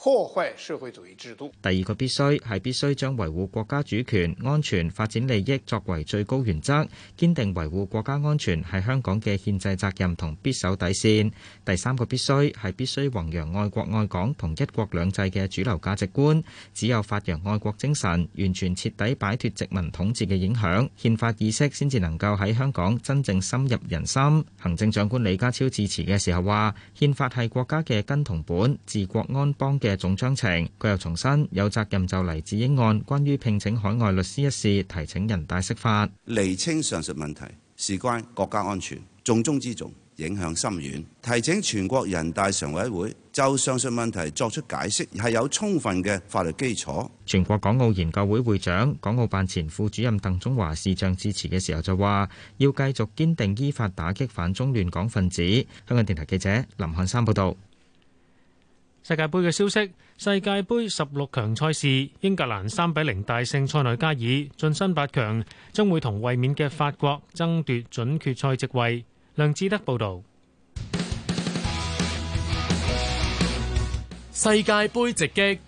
破壞社會主義制度。第二個必須係必須將維護國家主權、安全、發展利益作為最高原則，堅定維護國家安全係香港嘅憲制責任同必守底線。第三個必須係必須弘揚愛國愛港同一國兩制嘅主流價值觀。只有發揚愛國精神，完全徹底擺脫殖民統治嘅影響，憲法意識先至能夠喺香港真正深入人心。行政長官李家超致辭嘅時候話，憲法係國家嘅根同本，治國安邦嘅。嘅總章程，佢又重申有責任就黎智英案關於聘請海外律師一事，提請人大釋法釐清上述問題，事關國家安全重中之重，影響深遠，提請全國人大常委會就上述問題作出解釋，係有充分嘅法律基礎。全國港澳研究會會會長、港澳辦前副主任鄧中華視像致辭嘅時候就話：要繼續堅定依法打擊反中亂港分子。香港電台記者林漢山報道。世界杯嘅消息，世界杯十六強賽事，英格蘭三比零大勝塞內加爾，晉身八強，將會同衛冕嘅法國爭奪準決賽席位。梁志德報道。世界杯直擊，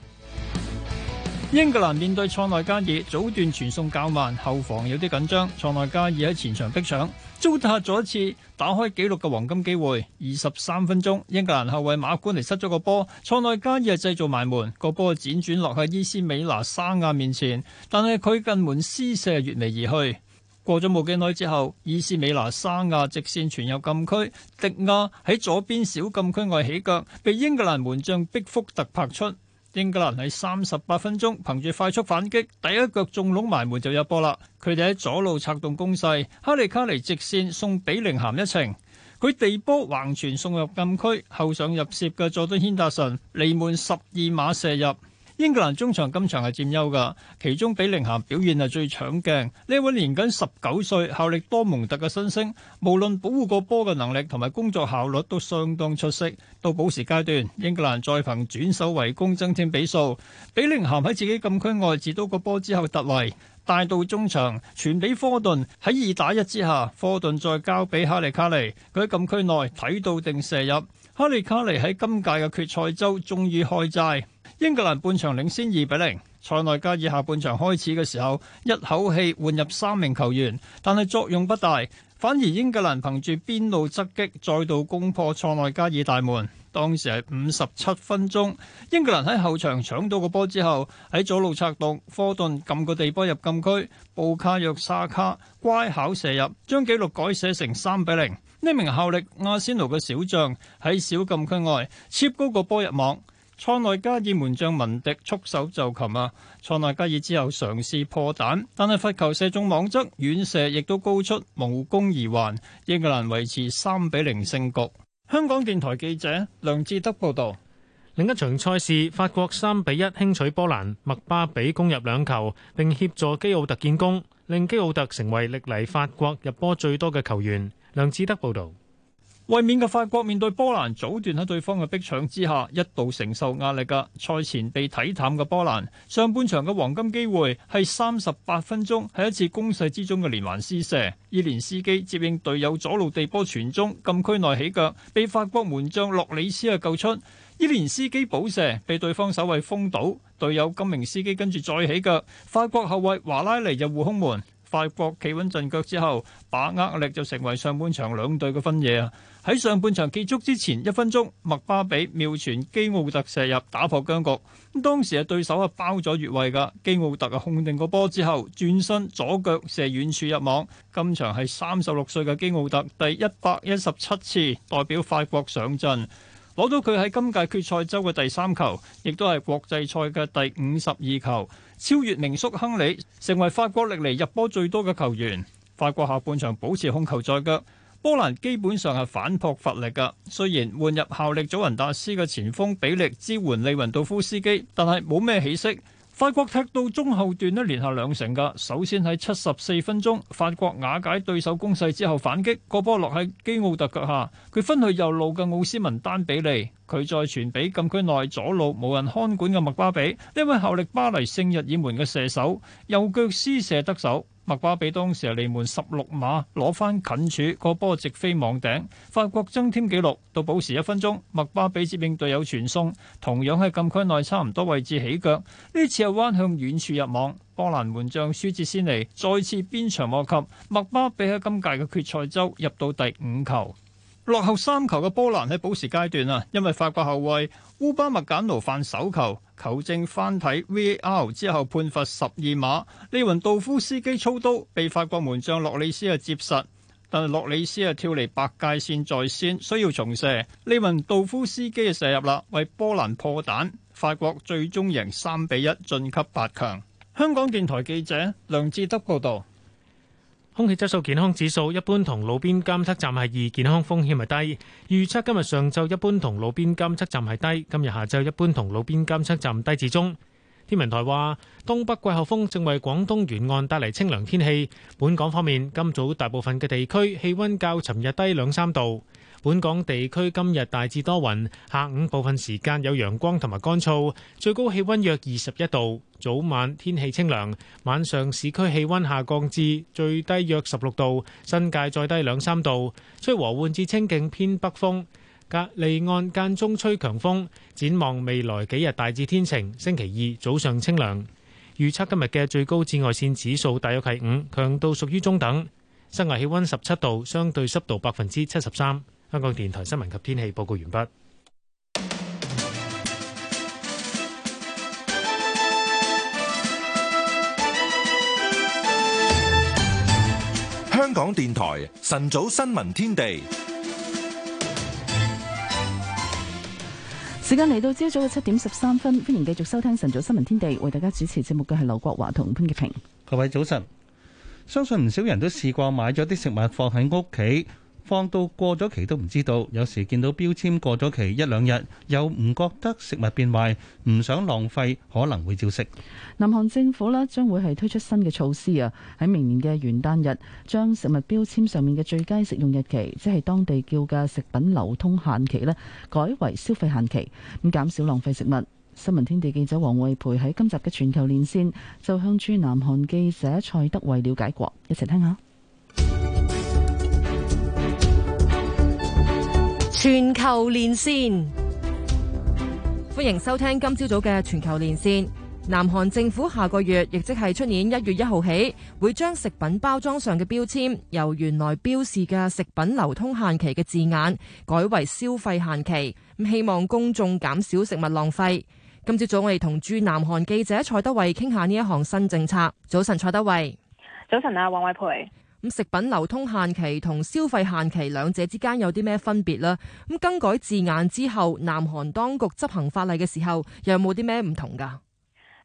英格蘭面對塞內加爾，早段傳送較慢，後防有啲緊張，塞內加爾喺前場逼搶。糟蹋咗一次打開紀錄嘅黃金機會，二十三分鐘英格蘭後衛馬古尼失咗個波，塞內加爾製造埋門，個波輾轉落喺伊斯美拿沙亞面前，但係佢近門施射越楣而去。過咗冇幾耐之後，伊斯美拿沙亞直線傳入禁區，迪亞喺左邊小禁區外起腳，被英格蘭門將畢福特拍出。英格蘭喺三十八分鐘憑住快速反擊，第一腳中籠埋門就入波啦。佢哋喺左路策動攻勢，哈利卡尼直線送畀凌咸一程，佢地波橫傳送入禁區後上入楔嘅佐敦軒達臣離門十二碼射入。英格蘭中場今場係佔優噶，其中比寧咸表現係最搶鏡。呢位年僅十九歲效力多蒙特嘅新星，無論保護個波嘅能力同埋工作效率都相當出色。到補時階段，英格蘭再憑轉守為攻增添比數。比寧咸喺自己禁區外截到個波之後突圍，帶到中場傳俾科頓。喺二打一之下，科頓再交俾哈利卡尼。佢喺禁區內睇到定射入。哈利卡尼喺今屆嘅決賽週終於開齋。英格蘭半場領先二比零，塞內加爾下半場開始嘅時候，一口氣換入三名球員，但係作用不大，反而英格蘭憑住邊路側擊再度攻破塞內加爾大門。當時係五十七分鐘，英格蘭喺後場搶到個波之後，喺左路策動，科頓撳個地波入禁區，布卡約沙卡乖巧射入，將紀錄改寫成三比零。呢名效力阿仙奴嘅小將喺小禁區外切高個波入網。塞內加爾門將文迪束手就擒啊！塞內加爾之後嘗試破蛋，但係罰球射中網側，遠射亦都高出，無功而還。英格蘭維持三比零勝局。香港電台記者梁志德報道。另一場賽事，法國三比一輕取波蘭，麥巴比攻入兩球，並協助基奧特建功，令基奧特成為歷嚟法國入波最多嘅球員。梁志德報道。衛冕嘅法國面對波蘭，早段喺對方嘅逼搶之下，一度承受壓力嘅賽前被睇淡嘅波蘭，上半場嘅黃金機會係三十八分鐘，喺一次攻勢之中嘅連環施射，伊連斯基接應隊友左路地波傳中禁區內起腳，被法國門將洛里斯啊，救出。伊連斯基補射被對方守衛封堵，隊友金明斯基跟住再起腳，法國後衛華拉尼入護空門。法國企穩陣腳之後，把握力就成為上半場兩隊嘅分野啊！喺上半場結束之前一分鐘，麥巴比妙傳基奧特射入打破僵局。咁當時啊對手啊包咗越位噶，基奧特啊控定個波之後轉身左腳射遠處入網。今場係三十六歲嘅基奧特第一百一十七次代表法國上陣，攞到佢喺今屆決賽周嘅第三球，亦都係國際賽嘅第五十二球，超越名宿亨利，成為法國歷嚟入波最多嘅球員。法國下半場保持控球在腳。波蘭基本上係反撲乏力噶雖然換入效力祖雲達斯嘅前鋒比利支援利雲道夫斯基，但係冇咩起色。法國踢到中後段咧，連下兩城噶。首先喺七十四分鐘，法國瓦解對手攻勢之後反擊，個波落喺基奧特腳下，佢分去右路嘅奧斯文丹比利，佢再傳俾禁區內左路無人看管嘅麥巴比，呢位效力巴黎聖日耳門嘅射手右腳施射得手。麥巴比當時係離門十六碼攞返近柱，個波直飛網頂。法國增添紀錄到補時一分鐘。麥巴比接應隊友傳送，同樣喺禁區內差唔多位置起腳，呢次又彎向遠處入網。波蘭門將舒捷斯尼再次鞭長莫及，麥巴比喺今屆嘅決賽周入到第五球。落後三球嘅波蘭喺補時階段啊，因為法國後衛烏巴麥簡奴犯手球，球證翻睇 VAR 之後判罰十二碼，利雲道夫斯基操刀被法國門將洛里斯啊接實，但係洛里斯啊跳離白界線在先，需要重射，利雲道夫斯基啊射入啦，為波蘭破蛋，法國最終贏三比一晉級八強。香港電台記者梁志德報道。空氣質素健康指數一般同路邊監測站係二，健康風險係低。預測今日上晝一般同路邊監測站係低，今日下晝一般同路邊監測站低至中。天文台話，東北季候風正為廣東沿岸帶嚟清涼天氣。本港方面，今早大部分嘅地區氣溫較尋日低兩三度。本港地區今日大致多雲，下午部分時間有陽光同埋乾燥，最高氣温約二十一度。早晚天氣清涼，晚上市區氣温下降至最低約十六度，新界再低兩三度，吹和緩至清勁偏北風。隔離岸間中吹強風。展望未來幾日大致天晴，星期二早上清涼。預測今日嘅最高紫外線指數大約係五，強度屬於中等。室外氣温十七度，相對濕度百分之七十三。香港電台新聞及天氣報告完畢。香港電台晨早新聞天地，時間嚟到朝早嘅七點十三分，歡迎繼續收聽晨早新聞天地，為大家主持節目嘅係劉國華同潘潔平。各位早晨，相信唔少人都試過買咗啲食物放喺屋企。放到過咗期都唔知道，有時見到標籤過咗期一兩日，又唔覺得食物變壞，唔想浪費，可能會照食。南韓政府咧將會係推出新嘅措施啊，喺明年嘅元旦日，將食物標籤上面嘅最佳食用日期，即係當地叫嘅食品流通限期咧，改為消費限期，咁減少浪費食物。新聞天地記者黃慧培喺今集嘅全球連線就向駐南韓記者蔡德偉了解過，一齊聽下。全球連線，歡迎收聽今朝早嘅全球連線。南韓政府下個月，亦即係出年一月一號起，會將食品包裝上嘅標籤由原來標示嘅食品流通限期嘅字眼，改為消費限期。咁希望公眾減少食物浪費。今朝早我哋同駐南韓記者蔡德偉傾下呢一項新政策。早晨，蔡德偉。早晨啊，黃偉培。食品流通限期同消費限期兩者之間有啲咩分別呢？咁更改字眼之後，南韓當局執行法例嘅時候，又有冇啲咩唔同㗎？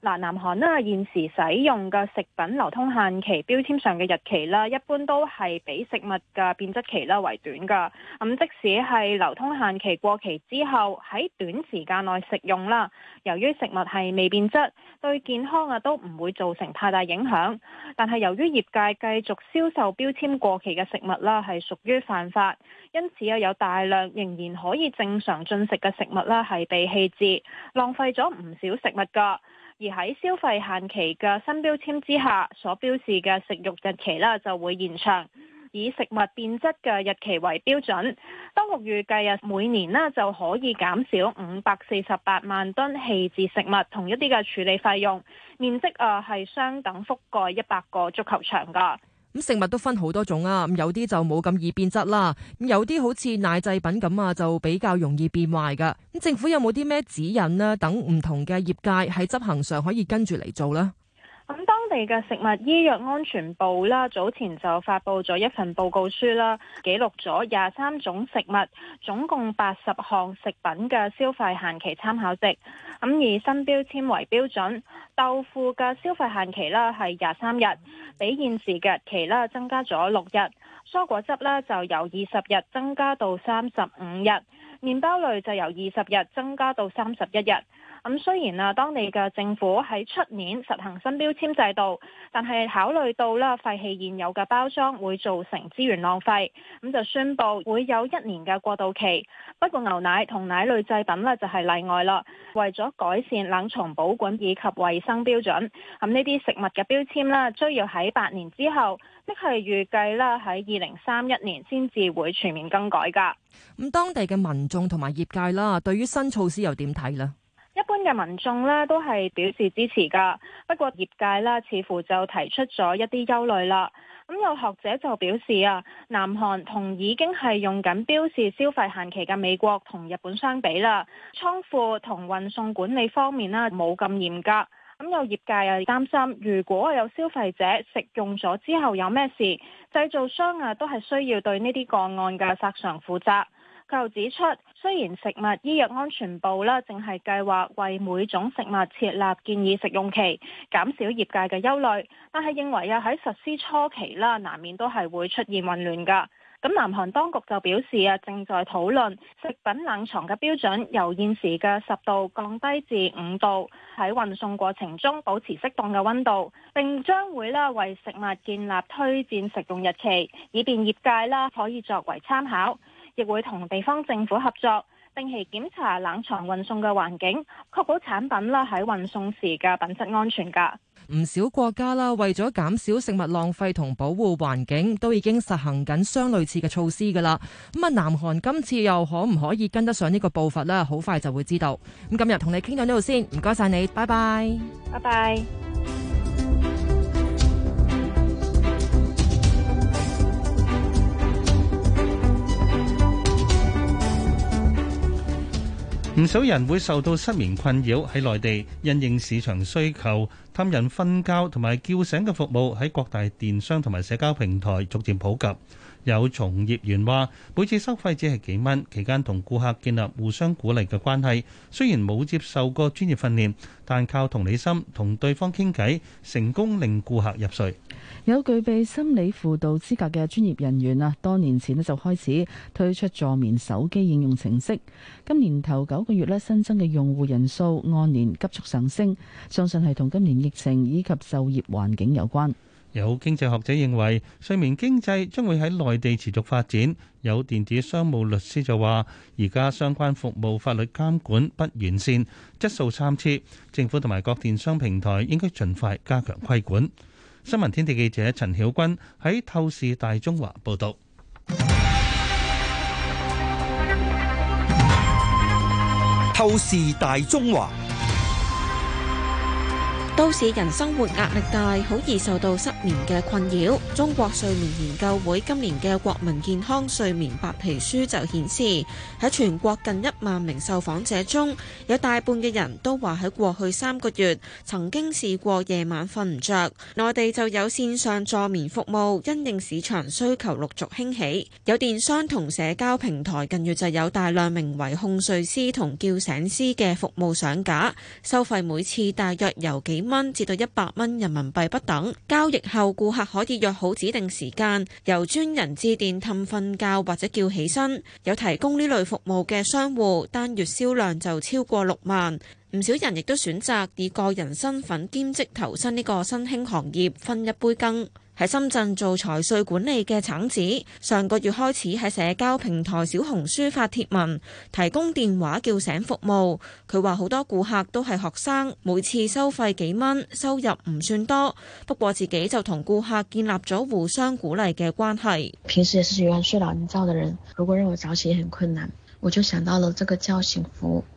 嗱，南韓咧現時使用嘅食品流通限期標籤上嘅日期啦，一般都係比食物嘅變質期啦為短㗎。咁、嗯、即使係流通限期過期之後喺短時間內食用啦，由於食物係未變質，對健康啊都唔會造成太大影響。但係由於業界繼續銷售標籤過期嘅食物啦，係屬於犯法，因此啊有大量仍然可以正常進食嘅食物啦係被棄置，浪費咗唔少食物㗎。而喺消費限期嘅新標籤之下，所標示嘅食肉日期咧就會延長，以食物變質嘅日期為標準。當局預計日每年咧就可以減少五百四十八萬噸棄置食物同一啲嘅處理費用，面積啊係相等覆蓋一百個足球場噶。咁食物都分好多種啊，咁有啲就冇咁易變質啦，咁有啲好似奶製品咁啊，就比較容易變壞噶。咁政府有冇啲咩指引呢？等唔同嘅業界喺執行上可以跟住嚟做呢。咁當地嘅食物醫藥安全部啦，早前就發布咗一份報告書啦，記錄咗廿三種食物，總共八十項食品嘅消費限期參考值。咁以新標籤為標準，豆腐嘅消費限期啦係廿三日，比現時嘅日期啦增加咗六日。蔬果汁呢就由二十日增加到三十五日，麵包類就由二十日增加到三十一日。咁雖然啊，當地嘅政府喺出年實行新標籤制度，但係考慮到啦，廢棄現有嘅包裝會造成資源浪費，咁就宣布會有一年嘅過渡期。不過牛奶同奶類製品呢，就係例外啦，為咗改善冷藏保管以及衛生標準，咁呢啲食物嘅標籤啦，需要喺八年之後，即係預計啦喺二零三一年先至會全面更改噶。咁當地嘅民眾同埋業界啦，對於新措施又點睇呢？一般嘅民眾呢，都係表示支持㗎，不過業界呢，似乎就提出咗一啲憂慮啦。咁有學者就表示啊，南韓同已經係用緊標示消費限期嘅美國同日本相比啦，倉庫同運送管理方面呢，冇咁嚴格。咁有業界又擔心，如果有消費者食用咗之後有咩事，製造商啊都係需要對呢啲個案嘅索償負責。佢又指出，雖然食物醫藥安全部啦，淨係計劃為每種食物設立建議食用期，減少業界嘅憂慮，但係認為啊喺實施初期啦，難免都係會出現混亂㗎。咁南韓當局就表示啊，正在討論食品冷藏嘅標準由現時嘅十度降低至五度，喺運送過程中保持適當嘅溫度，並將會咧為食物建立推薦食用日期，以便業界啦可以作為參考。亦會同地方政府合作，定期檢查冷藏運送嘅環境，確保產品啦喺運送時嘅品質安全噶。唔少國家啦，為咗減少食物浪費同保護環境，都已經實行緊相類似嘅措施噶啦。咁啊，南韓今次又可唔可以跟得上呢個步伐呢？好快就會知道。咁今日同你傾到呢度先，唔該晒你，拜拜，拜拜。唔少人會受到失眠困擾，喺內地因應市場需求，探人瞓覺同埋叫醒嘅服務喺各大電商同埋社交平台逐漸普及。有從業員話：每次收費只係幾蚊，期間同顧客建立互相鼓勵嘅關係。雖然冇接受過專業訓練，但靠同理心同對方傾偈，成功令顧客入睡。有具備心理輔導資格嘅專業人員啊，多年前呢就開始推出助眠手機應用程式。今年頭九個月呢，新增嘅用戶人數按年急速上升，相信係同今年疫情以及就業環境有關。有經濟學者認為，睡眠經濟將會喺內地持續發展。有電子商務律師就話：而家相關服務法律監管不完善，質素參差，政府同埋各電商平台應該盡快加強規管。新聞天地記者陳曉君喺《透視大中華》報道。透視大中華。都市人生活壓力大，好易受到失眠嘅困擾。中國睡眠研究會今年嘅國民健康睡眠白皮書就顯示，喺全國近一萬名受訪者中，有大半嘅人都話喺過去三個月曾經試過夜晚瞓唔着。內地就有線上助眠服務，因應市場需求陸續興起，有電商同社交平台近月就有大量名為控睡師同叫醒師嘅服務上架，收費每次大約由幾蚊至到一百蚊人民幣不等。交易後，顧客可以約好指定時間，由專人致電氹瞓覺或者叫起身。有提供呢類服務嘅商戶，單月銷量就超過六萬，唔少人亦都選擇以個人身份兼職投身呢個新興行業分一杯羹。喺深圳做財稅管理嘅橙子，上個月開始喺社交平台小紅書發帖文，提供電話叫醒服務。佢話好多顧客都係學生，每次收費幾蚊，收入唔算多，不過自己就同顧客建立咗互相鼓勵嘅關係。平時也是喜歡睡懶覺的人，如果讓我早起也很困難，我就想到了這個叫醒服務。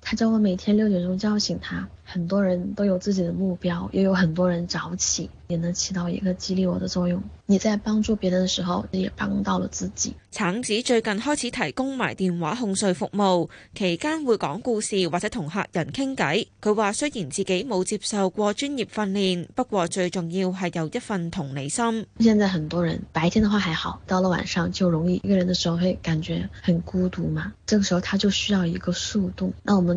他叫我每天六點鐘叫醒他。很多人都有自己的目標，也有很多人早起，也能起到一個激勵我的作用。你在幫助別人的時候，你也幫到了自己。橙子最近開始提供埋電話哄睡服務，期間會講故事或者同客人傾偈。佢話雖然自己冇接受過專業訓練，不過最重要係有一份同理心。現在很多人白天的話還好，到了晚上就容易一個人的時候會感覺很孤獨嘛。這個時候他就需要一個樹洞。那我們。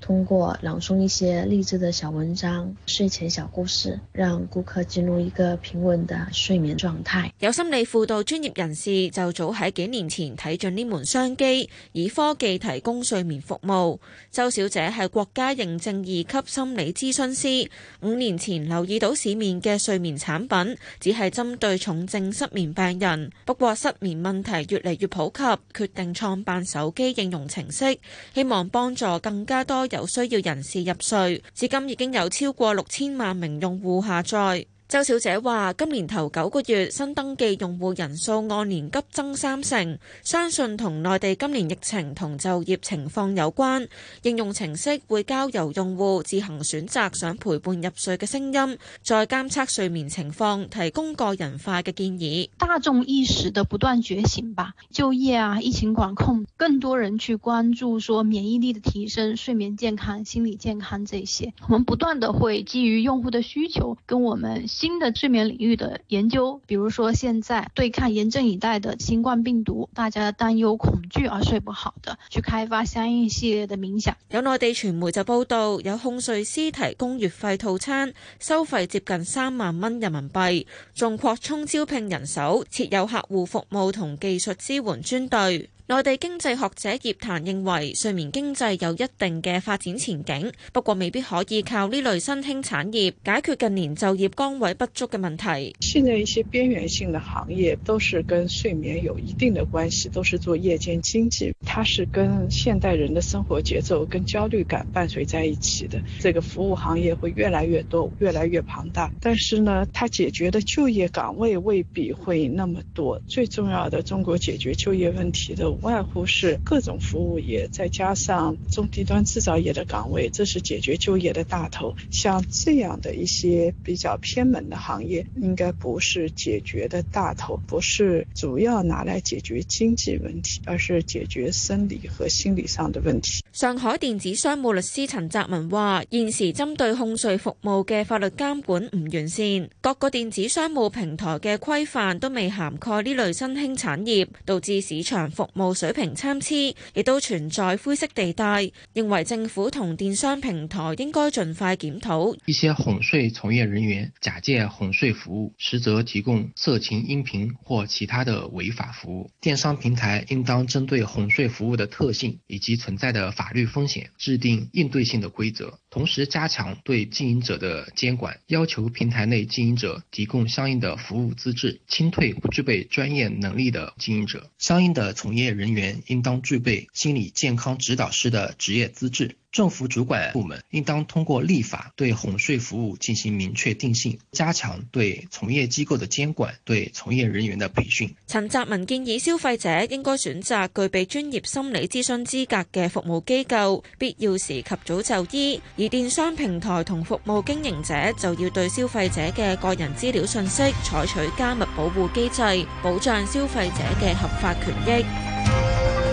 通過朗誦一些勵志的小文章、睡前小故事，讓顧客進入一個平穩的睡眠狀態。有心理輔導專業人士就早喺幾年前睇準呢門商機，以科技提供睡眠服務。周小姐係國家認證二級心理諮詢師，五年前留意到市面嘅睡眠產品只係針對重症失眠病人，不過失眠問題越嚟越普及，決定創辦手機應用程式，希望幫助更加多。有需要人士入睡，至今已經有超過六千萬名用戶下載。周小姐話：今年頭九個月新登記用戶人數按年急增三成，相信同內地今年疫情同就業情況有關。應用程式會交由用戶自行選擇想陪伴入睡嘅聲音，再監測睡眠情況，提供個人化嘅建議。大眾意識的不斷覺醒吧，就業啊，疫情管控，更多人去關注說免疫力的提升、睡眠健康、心理健康這些。我們不斷的會基於用戶的需求，跟我們。新的睡眠領域的研究，比如說現在對抗嚴陣以待的新冠病毒，大家擔憂恐懼而睡不好的，去開發相應系列的冥想。有內地傳媒就報道，有哄睡師提供月費套餐，收費接近三萬蚊人民幣，仲擴充招聘人手，設有客戶服務同技術支援專隊。內地經濟學者葉檀認為，睡眠經濟有一定嘅發展前景，不過未必可以靠呢類新興產業解決近年就業崗位不足嘅問題。現在一些邊緣性的行業都是跟睡眠有一定的關係，都是做夜間經濟，它是跟現代人的生活節奏跟焦慮感伴隨在一起的。這個服務行業會越來越多，越來越龐大，但是呢，它解決的就業崗位未必會那麼多。最重要的，中國解決就業問題的。外乎是各種服務業，再加上中低端製造業的崗位，這是解決就業的大頭。像這樣的一些比較偏門的行業，應該不是解決的大頭，不是主要拿來解決經濟問題，而是解決生理和心理上的問題。上海電子商務律師陳澤文話，現時針對控稅服務嘅法律監管唔完善，各個電子商務平台嘅規範都未涵蓋呢類新興產業，導致市場服務。水平參差，亦都存在灰色地帶。認為政府同電商平台應該盡快檢討。一些哄睡從業人員假借哄睡服務，實則提供色情音頻或其他的違法服務。電商平台應當針對哄睡服務的特性以及存在的法律風險，制定應對性的規則，同時加強對經營者的監管，要求平台內經營者提供相應的服務資質，清退不具備專業能力的經營者。相應的從業人。人員應當具備心理健康指導師的職業資質。政府主管部門應當通過立法對哄睡服務進行明確定性，加強對從業機構的監管，對從業人員的培訓。陳澤文建議消費者應該選擇具備專業心理諮詢資格嘅服務機構，必要時及早就醫。而電商平台同服務經營者就要對消費者嘅個人資料信息採取加密保護機制，保障消費者嘅合法權益。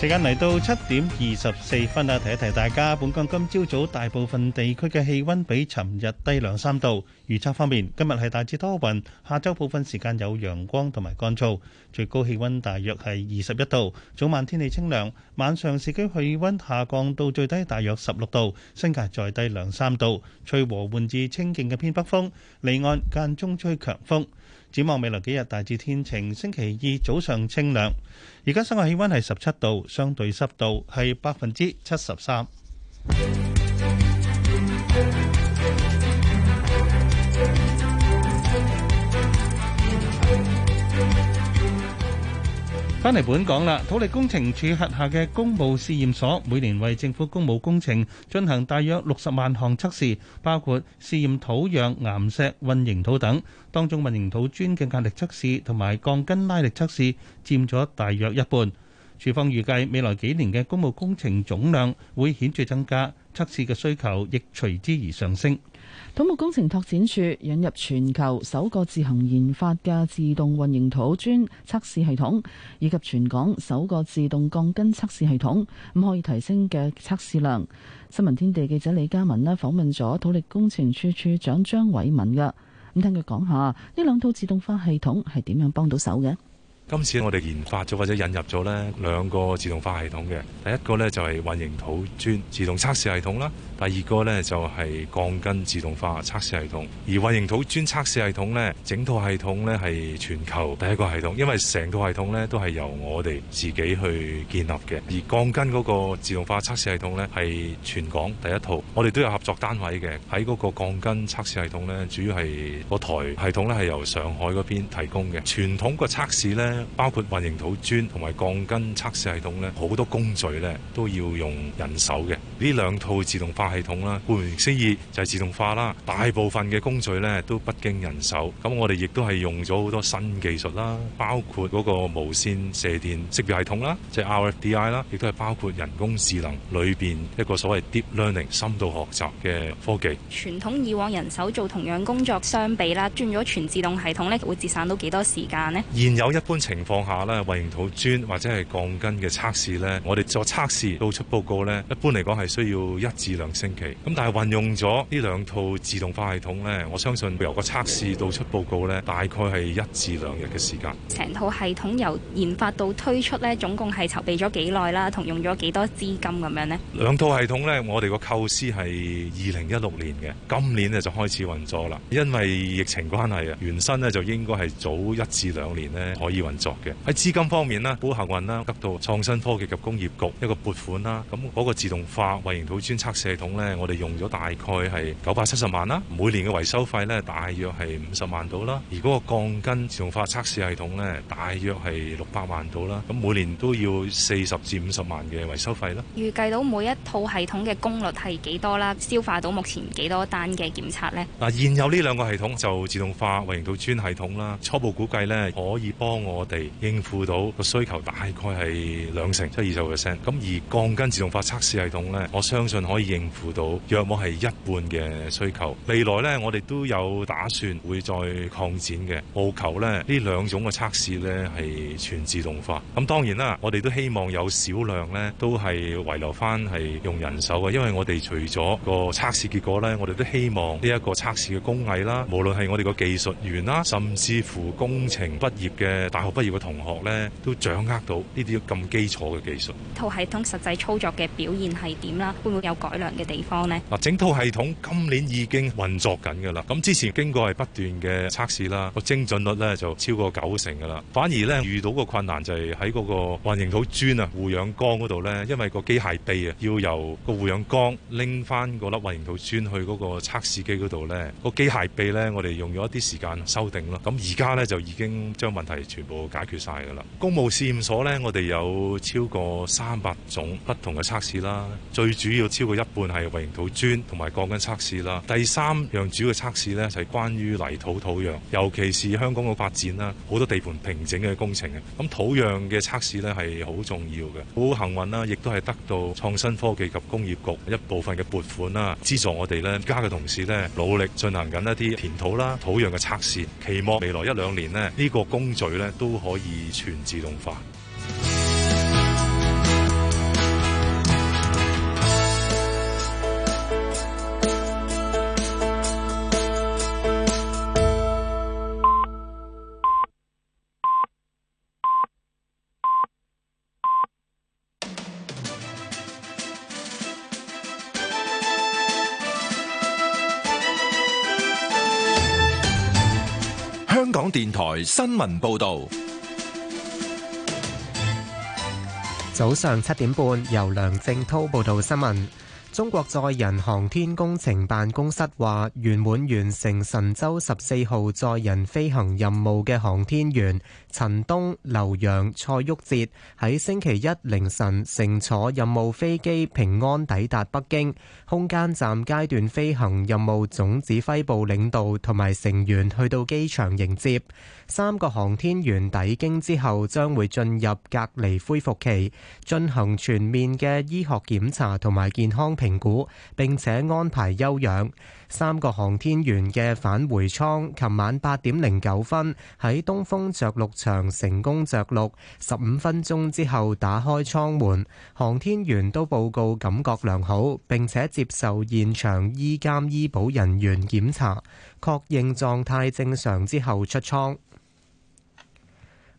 時間嚟到七點二十四分啦，提一提大家。本港今朝早大部分地區嘅氣温比尋日低兩三度。預測方面，今日係大致多雲，下周部分時間有陽光同埋乾燥，最高氣温大約係二十一度，早晚天氣清涼，晚上市區氣温下降到最低大約十六度，新界再低兩三度，吹和緩至清勁嘅偏北風，離岸間中吹強風。展望未來幾日，大致天晴。星期二早上清涼。而家室外氣溫係十七度，相對濕度係百分之七十三。翻嚟本港啦，土力工程處轄下嘅公務試驗所每年為政府公務工程進行大約六十萬項測試，包括試驗土壤、岩石、混凝土等。當中混凝土磚嘅壓力測試同埋鋼筋拉力測試佔咗大約一半。處方預計未來幾年嘅公務工程總量會顯著增加，測試嘅需求亦隨之而上升。土木工程拓展處引入全球首個自行研發嘅自動混凝土磚測試系統，以及全港首個自動鋼筋測試系統，咁可以提升嘅測試量。新聞天地記者李嘉文咧訪問咗土力工程處處長張偉文噶，咁聽佢講下呢兩套自動化系統係點樣幫到手嘅。今次我哋研發咗或者引入咗咧兩個自動化系統嘅，第一個咧就係混凝土磚自動測試系統啦。第二個呢，就係鋼筋自動化測試系統，而混凝土磚測試系統呢，整套系統呢，係全球第一個系統，因為成套系統呢，都係由我哋自己去建立嘅。而鋼筋嗰個自動化測試系統呢，係全港第一套，我哋都有合作單位嘅，喺嗰個鋼筋測試系統呢，主要係個台系統呢，係由上海嗰邊提供嘅。傳統個測試呢，包括混凝土磚同埋鋼筋測試系統呢，好多工序呢，都要用人手嘅。呢兩套自動化系統啦，顧名思義就係自動化啦。大部分嘅工序咧都不經人手，咁我哋亦都係用咗好多新技術啦，包括嗰個無線射電識別系統啦，即係 RFDI 啦，亦都係包括人工智能裏邊一個所謂 deep learning 深度學習嘅科技。傳統以往人手做同樣工作相比啦，轉咗全自動系統咧，會節省到幾多時間咧？現有一般情況下咧，混凝土磚或者係鋼筋嘅測試咧，我哋做測試到出報告咧，一般嚟講係需要一至兩星期咁，但係運用咗呢兩套自動化系統咧，我相信會由個測試到出報告咧，大概係一至兩日嘅時間。成套系統由研發到推出咧，總共係籌備咗幾耐啦，同用咗幾多資金咁樣呢？兩套系統呢，我哋個構思係二零一六年嘅，今年咧就開始運作啦。因為疫情關係啊，原身咧就應該係早一至兩年咧可以運作嘅。喺資金方面咧，好幸運啦，得到創新科技及工業局一個撥款啦。咁、那、嗰個自動化混凝土磚測試系統咧，我哋用咗大概係九百七十萬啦，每年嘅維修費咧大約係五十萬到啦，而嗰個鋼筋自動化測試系統咧大約係六百萬到啦，咁每年都要四十至五十萬嘅維修費咯。預計到每一套系統嘅功率係幾多啦？消化到目前幾多單嘅檢測呢？嗱，現有呢兩個系統就自動化混凝土磚系統啦，初步估計咧可以幫我哋應付到個需求大概係兩成，即係二十 percent。咁而鋼筋自動化測試系統咧，我相信可以應付。負到約莫係一半嘅需求，未來呢，我哋都有打算會再擴展嘅。務求呢，兩呢兩種嘅測試呢係全自動化，咁、嗯、當然啦，我哋都希望有少量呢都係遺留翻係用人手嘅，因為我哋除咗個測試結果呢，我哋都希望呢一個測試嘅工藝啦，無論係我哋個技術員啦，甚至乎工程畢業嘅大學畢業嘅同學呢，都掌握到呢啲咁基礎嘅技術。套系統實際操作嘅表現係點啦？會唔會有改良？地方咧，嗱，整套系統今年已經運作緊㗎喇。咁之前經過係不斷嘅測試啦，個精準率呢就超過九成㗎喇。反而呢，遇到個困難就係喺嗰個混凝土磚啊、護養缸嗰度呢，因為個機械臂啊，要由個護養缸拎翻嗰粒混凝土磚去嗰個測試機嗰度呢，個機械臂呢我哋用咗一啲時間修訂咯。咁而家呢，就已經將問題全部解決晒㗎喇。公務試驗所呢，我哋有超過三百種不同嘅測試啦，最主要超過一半。係混凝土磚同埋鋼筋測試啦，第三樣主要嘅測試呢，就係關於泥土土壤，尤其是香港嘅發展啦，好多地盤平整嘅工程嘅，咁土壤嘅測試呢，係好重要嘅。好，好幸運啦，亦都係得到創新科技及工業局一部分嘅撥款啦，資助我哋呢家嘅同事呢，努力進行緊一啲填土啦、土壤嘅測試，期望未來一兩年呢，呢、呢個工序呢，都可以全自動化。新聞報道，早上七點半，由梁正濤報道新聞。中國載人航天工程辦公室話，圓滿完成神舟十四號載人飛行任務嘅航天員陳冬、劉洋、蔡旭哲喺星期一凌晨乘坐任務飛機平安抵達北京。空間站階段飛行任務總指揮部領導同埋成員去到機場迎接三個航天員。抵京之後，將會進入隔離恢復期，進行全面嘅醫學檢查同埋健康評估，並且安排休養。三個航天員嘅返回艙，琴晚八點零九分喺東風着陸場成功着陸，十五分鐘之後打開艙門，航天員都報告感覺良好，並且接受現場醫監醫保人員檢查，確認狀態正常之後出艙。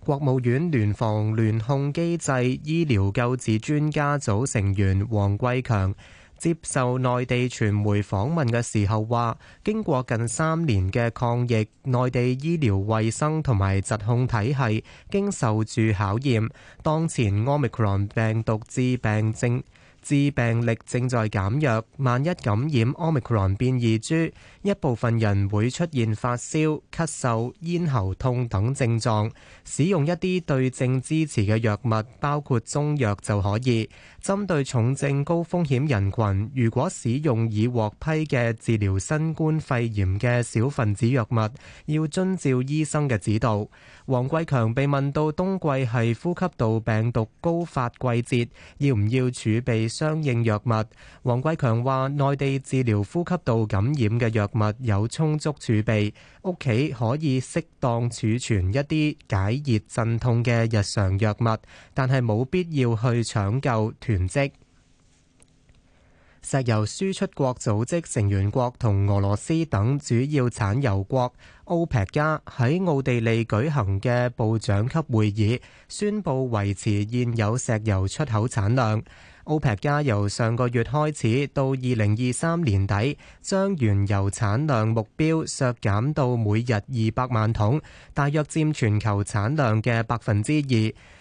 國務院聯防聯控機制醫療救治專家組成員王貴強接受內地傳媒訪問嘅時候話，經過近三年嘅抗疫，內地醫療衛生同埋疾控體系經受住考驗。當前，Omicron 病毒致病症、致病力正在減弱，萬一感染 Omicron 變異株。一部分人會出現發燒、咳嗽、咽喉痛等症狀，使用一啲對症支持嘅藥物，包括中藥就可以。針對重症高風險人群，如果使用已獲批嘅治療新冠肺炎嘅小分子藥物，要遵照醫生嘅指導。王貴強被問到冬季係呼吸道病毒高發季節，要唔要儲備相應藥物？王貴強話：內地治療呼吸道感染嘅藥物有充足儲備，屋企可以適當儲存一啲解熱鎮痛嘅日常藥物，但係冇必要去搶救囤積。石油輸出國組織成員國同俄羅斯等主要產油國 OPEC+ 喺奧地利舉行嘅部長級會議，宣布維持現有石油出口產量。OPEC 加由上個月開始到二零二三年底，將原油產量目標削減到每日二百萬桶，大約佔全球產量嘅百分之二。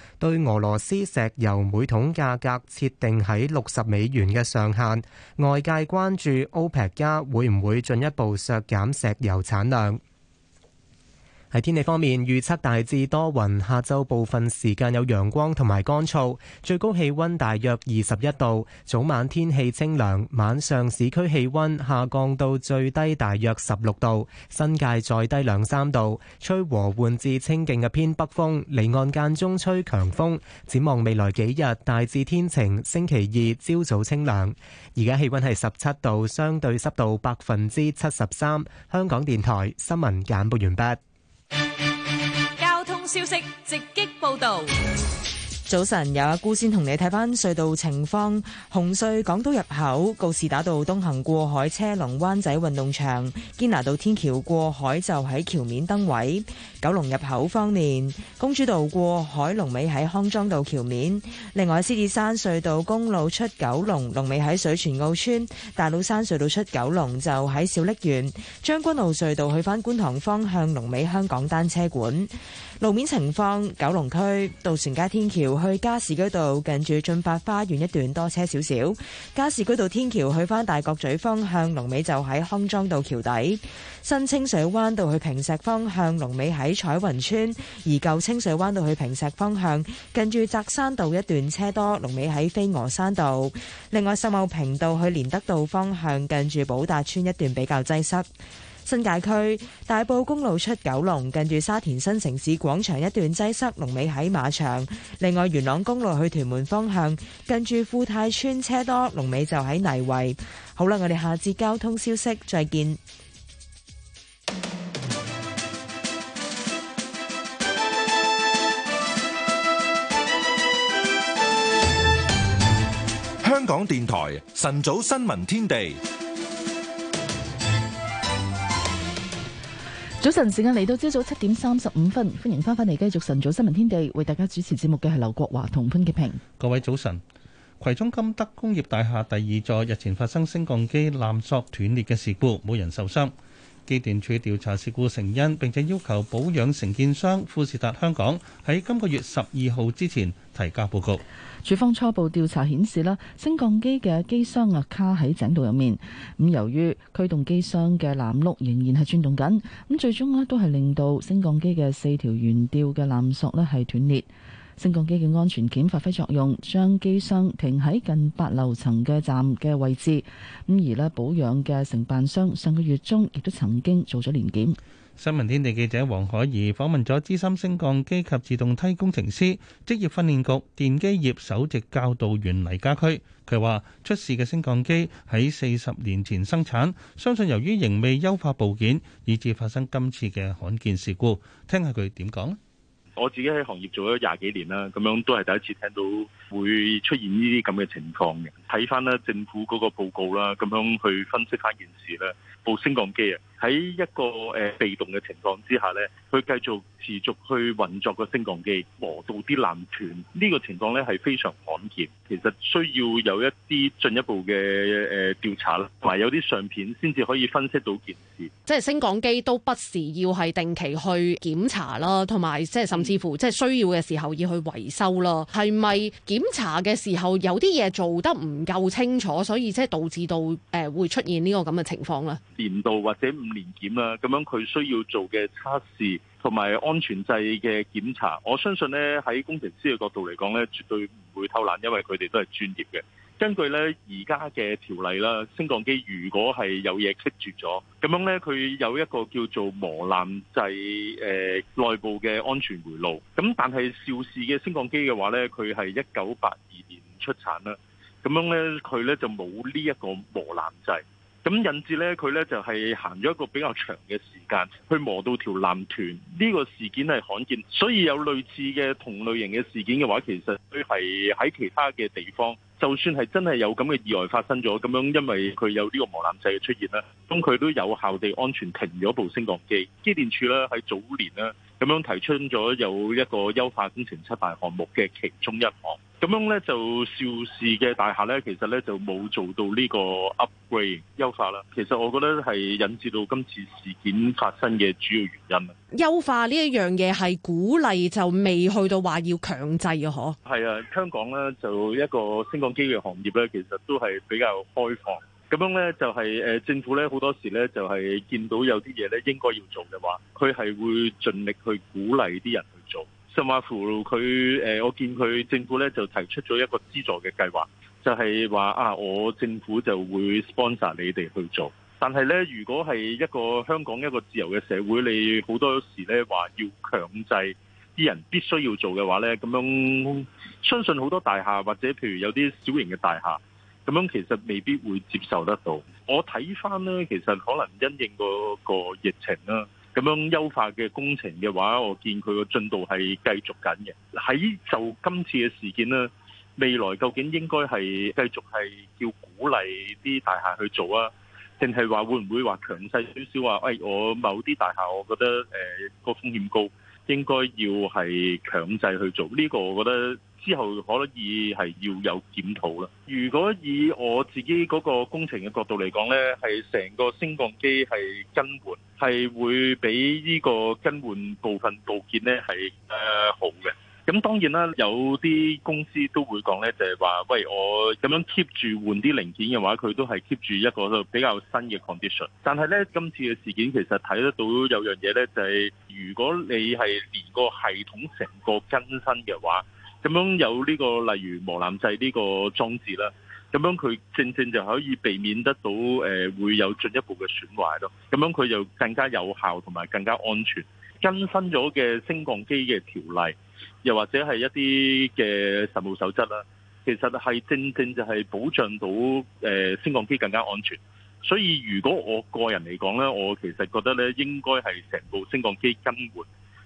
對俄羅斯石油每桶價格設定喺六十美元嘅上限，外界關注 OPEC 加會唔會進一步削減石油產量。喺天氣方面，預測大致多雲，下晝部分時間有陽光同埋乾燥，最高氣溫大約二十一度。早晚天氣清涼，晚上市區氣溫下降到最低大約十六度，新界再低兩三度，吹和緩至清勁嘅偏北風，離岸間中吹強風。展望未來幾日大致天晴，星期二朝早清涼。而家氣溫係十七度，相對濕度百分之七十三。香港電台新聞簡報完畢。交通消息，直擊報道。Yes. 早晨，有阿姑先同你睇翻隧道情況。紅隧港島入口告士打道東行過海車龍，灣仔運動場堅拿道天橋過海就喺橋面燈位。九龍入口方面，公主道過海龍尾喺康莊道橋面。另外，獅子山隧道公路出九龍龍尾喺水泉澳村，大老山隧道出九龍就喺小瀝源，將軍澳隧道去翻觀塘方向龍尾香港單車館。路面情況，九龍區渡船街天橋去加士居道近住駿發花園一段多車少少，加士居道天橋去翻大角咀方向龍尾就喺康莊道橋底，新清水灣道去坪石方向龍尾喺彩雲村，而舊清水灣道去坪石方向近住扎山道一段車多，龍尾喺飛鵝山道。另外，秀茂坪道去連德道方向近住寶達邨一段比較擠塞。新界區大埔公路出九龍，近住沙田新城市廣場一段擠塞，龍尾喺馬場。另外，元朗公路去屯門方向，近住富泰村車多，龍尾就喺泥圍。好啦，我哋下次交通消息再見。香港電台晨早新聞天地。早晨時間嚟到朝早七點三十五分，歡迎翻返嚟繼續晨早新聞天地，為大家主持節目嘅係劉國華同潘潔平。各位早晨，葵涌金德工業大廈第二座日前發生升降機纜索斷裂嘅事故，冇人受傷。機電處調查事故成因，並且要求保養承建商富士達香港喺今個月十二號之前提交報告。署方初步調查顯示啦，升降機嘅機箱壓卡喺井道入面。咁由於驅動機箱嘅纜轆仍然係轉動緊，咁最終咧都係令到升降機嘅四條懸吊嘅纜索咧係斷裂。升降機嘅安全件發揮作用，將機箱停喺近八樓層嘅站嘅位置。咁而咧保養嘅承辦商上個月中亦都曾經做咗年檢。新聞天地記者黃海怡訪問咗資深升降機及自動梯工程師、職業訓練局電機業首席教導員黎家駒，佢話出事嘅升降機喺四十年前生產，相信由於仍未優化部件，以至發生今次嘅罕見事故。聽下佢點講咧？我自己喺行業做咗廿幾年啦，咁樣都係第一次聽到會出現呢啲咁嘅情況嘅。睇翻咧政府嗰個報告啦，咁樣去分析翻件事咧。部升降機啊，喺一個誒被動嘅情況之下咧，佢繼續持續去運作個升降機，磨到啲纜斷，呢個情況咧係非常罕見。其實需要有一啲進一步嘅誒調查啦，同埋有啲相片先至可以分析到件事。即係升降機都不時要係定期去檢查啦，同埋即係甚至乎即係需要嘅時候要去維修咯。係咪檢查嘅時候有啲嘢做得唔唔夠清楚，所以即係導致到誒、呃、會出現呢個咁嘅情況啦。年度或者五年檢啦，咁樣佢需要做嘅測試同埋安全制嘅檢查，我相信呢，喺工程師嘅角度嚟講呢，絕對唔會偷懶，因為佢哋都係專業嘅。根據呢而家嘅條例啦，升降機如果係有嘢卡住咗，咁樣呢，佢有一個叫做磨難制誒、呃、內部嘅安全回路。咁但係肇事嘅升降機嘅話呢，佢係一九八二年出產啦。咁樣呢，佢呢就冇呢一個磨纜掣，咁引致呢，佢呢就係行咗一個比較長嘅時間，去磨到條纜斷。呢個事件係罕見，所以有類似嘅同類型嘅事件嘅話，其實都係喺其他嘅地方，就算係真係有咁嘅意外發生咗，咁樣因為佢有呢個磨纜掣嘅出現咧，咁佢都有效地安全停咗部升降機。機電處呢，喺早年呢，咁樣提出咗有一個優化工程七大項目嘅其中一項，咁樣咧就肇事嘅大廈咧，其實咧就冇做到呢個 upgrade 優化啦。其實我覺得係引致到今次事件發生嘅主要原因。優化呢一樣嘢係鼓勵，就未去到話要強制嘅，可係啊？香港咧就一個升降機嘅行業咧，其實都係比較開放。咁樣咧就係誒政府咧好多時咧就係見到有啲嘢咧應該要做嘅話，佢係會盡力去鼓勵啲人去做。甚至乎，佢誒，我見佢政府咧就提出咗一個資助嘅計劃，就係、是、話啊，我政府就會 sponsor 你哋去做。但係咧，如果係一個香港一個自由嘅社會，你好多時咧話要強制啲人必須要做嘅話咧，咁樣相信好多大廈或者譬如有啲小型嘅大廈。咁樣其實未必會接受得到。我睇翻呢，其實可能因應嗰個疫情啦，咁樣優化嘅工程嘅話，我見佢個進度係繼續緊嘅。喺就今次嘅事件咧，未來究竟應該係繼續係叫鼓勵啲大廈去做啊，定係話會唔會話強制少少？話、哎、喂，我某啲大廈，我覺得誒個、呃、風險高，應該要係強制去做。呢、呢個我覺得。之後可以係要有檢討啦。如果以我自己嗰個工程嘅角度嚟講呢，係成個升降機係更換，係會比呢個更換部分部件呢係誒好嘅。咁當然啦，有啲公司都會講呢，就係話喂，我咁樣 keep 住換啲零件嘅話，佢都係 keep 住一個比較新嘅 condition。但係呢，今次嘅事件其實睇得到有樣嘢呢，就係如果你係連個系統成個更新嘅話，咁樣有呢、這個例如磨鑊掣呢個裝置啦，咁樣佢正正就可以避免得到誒、呃、會有進一步嘅損壞咯。咁樣佢就更加有效同埋更加安全。更新咗嘅升降機嘅條例，又或者係一啲嘅實務守則啦，其實係正正就係保障到誒、呃、升降機更加安全。所以如果我個人嚟講咧，我其實覺得咧應該係成部升降機更換。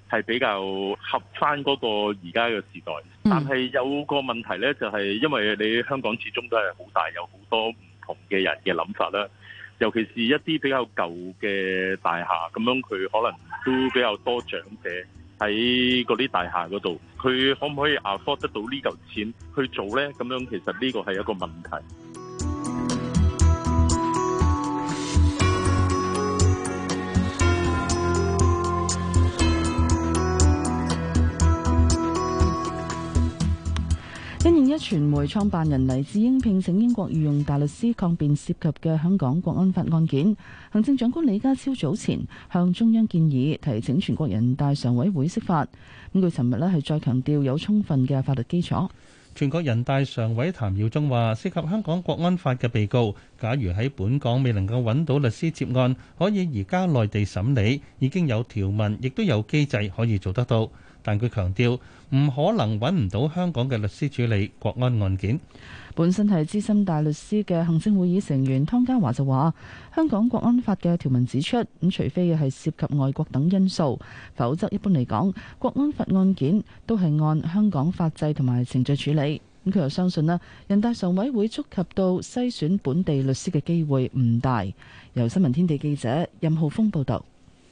係比較合翻嗰個而家嘅時代，但係有個問題呢，就係、是、因為你香港始終都係好大，有好多唔同嘅人嘅諗法啦。尤其是一啲比較舊嘅大廈，咁樣佢可能都比較多長者喺嗰啲大廈嗰度，佢可唔可以 afford 得到呢嚿錢去做呢？咁樣其實呢個係一個問題。傳媒創辦人黎智英聘請英國御用大律師抗辯涉及嘅香港國安法案件，行政長官李家超早前向中央建議提請全國人大常委會釋法，咁佢尋日咧係再強調有充分嘅法律基礎。全國人大常委譚耀宗話：涉及香港國安法嘅被告，假如喺本港未能夠揾到律師接案，可以移交內地審理，已經有條文亦都有機制可以做得到，但佢強調，唔可能揾唔到香港嘅律師處理國安案件。本身係資深大律師嘅行政會議成員湯家驊就話，香港國安法嘅條文指出，咁除非係涉及外國等因素，否則一般嚟講，國安法案件都係按香港法制同埋程序處理。咁佢又相信啦，人大常委會觸及到篩選本地律師嘅機會唔大。由新聞天地記者任浩峰報道。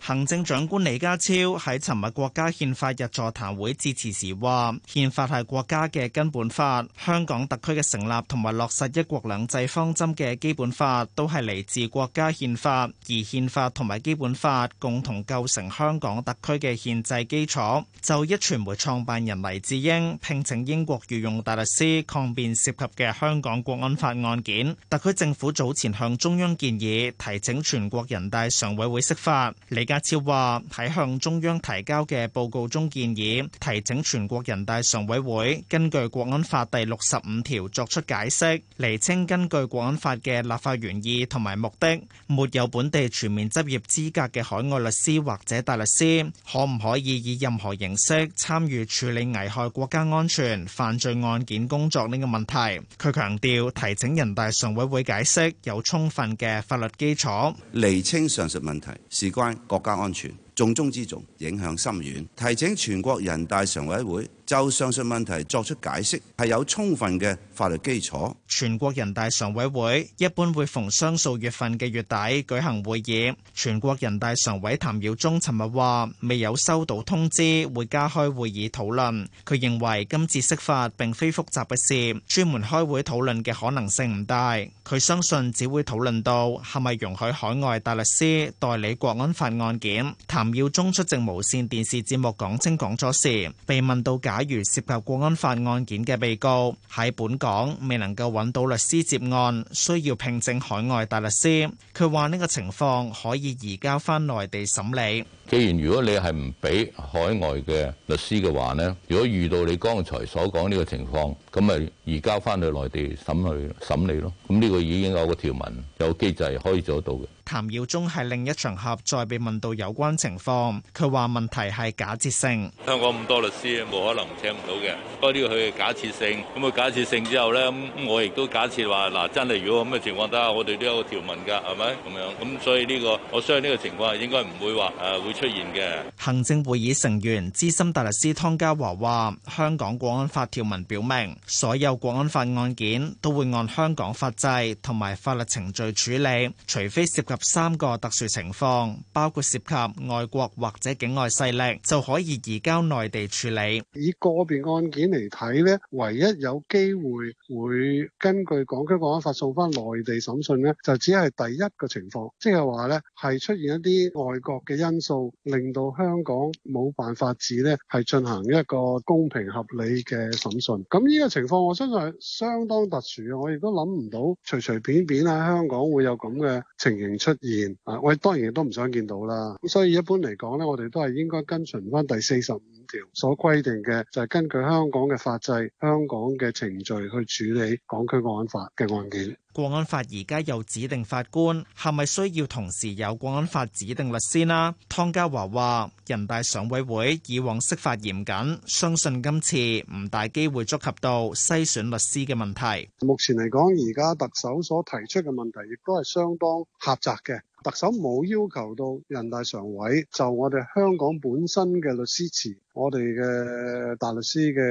行政長官李家超喺尋日國家憲法日座談會致辭時話：憲法係國家嘅根本法，香港特區嘅成立同埋落實一國兩制方針嘅基本法都係嚟自國家憲法，而憲法同埋基本法共同構成香港特區嘅憲制基礎。就一傳媒創辦人黎智英聘請英國御用大律師抗辯涉及嘅香港國安法案件，特區政府早前向中央建議提請全國人大常委會釋法。李家阿超話，喺向中央提交嘅報告中建議提請全國人大常委會根據《國安法》第六十五條作出解釋釐清根據《國安法》嘅立法原意同埋目的，沒有本地全面執業資格嘅海外律師或者大律師可唔可以以任何形式參與處理危害國家安全犯罪案件工作呢個問題，佢強調提請人大常委會解釋有充分嘅法律基礎釐清上述問題，事關國國家安全重中之重，影響深遠。提請全國人大常委會。就上述問題作出解釋係有充分嘅法律基礎。全國人大常委會一般會逢雙數月份嘅月底舉行會議，全國人大常委譚耀宗尋日話未有收到通知會加開會議討論，佢認為今次釋法並非複雜嘅事，專門開會討論嘅可能性唔大。佢相信只會討論到係咪容許海外大律師代理國安法案件。譚耀宗出席無綫電視節目講清講楚時，被問到假。如涉及國安法案件嘅被告喺本港未能夠揾到律師接案，需要聘請海外大律師。佢話呢個情況可以移交翻內地審理。既然如果你係唔俾海外嘅律師嘅話咧，如果遇到你剛才所講呢個情況，咁咪移交翻去內地審去審理咯。咁呢個已經有個條文，有機制可以做得到嘅。譚耀宗係另一場合再被問到有關情況，佢話問題係假設性。香港咁多律師，冇可能請唔到嘅。不過呢個係佢假設性，咁佢假設性之後咧，我亦都假設話嗱，真係如果咁嘅情況底下，我哋都有個條文㗎，係咪咁樣？咁所以呢個，我相信呢個情況係應該唔會話誒會。出現嘅行政會議成員資深大律師湯家驊話，香港《國安法》條文表明，所有《國安法》案件都會按香港法制同埋法律程序處理，除非涉及三個特殊情況，包括涉及外國或者境外勢力，就可以移交內地處理。以個別案件嚟睇咧，唯一有機會會根據《港區國安法》送翻內地審訊咧，就只係第一個情況，即係話咧係出現一啲外國嘅因素。令到香港冇辦法治咧，係進行一個公平合理嘅審訊。咁呢個情況，我相信係相當特殊嘅。我亦都諗唔到隨隨便便喺香港會有咁嘅情形出現。啊，我當然亦都唔想見到啦。咁所以一般嚟講咧，我哋都係應該跟循返第四十五條所規定嘅，就係、是、根據香港嘅法制、香港嘅程序去處理港區國安法嘅案件。《國安法》而家有指定法官，係咪需要同時有《國安法》指定律師呢？湯家驊話：人大常委會以往釋法嚴謹，相信今次唔大機會觸及到篩選律師嘅問題。目前嚟講，而家特首所提出嘅問題，亦都係相當狹窄嘅。特首冇要求到人大常委就我哋香港本身嘅律師池，我哋嘅大律師嘅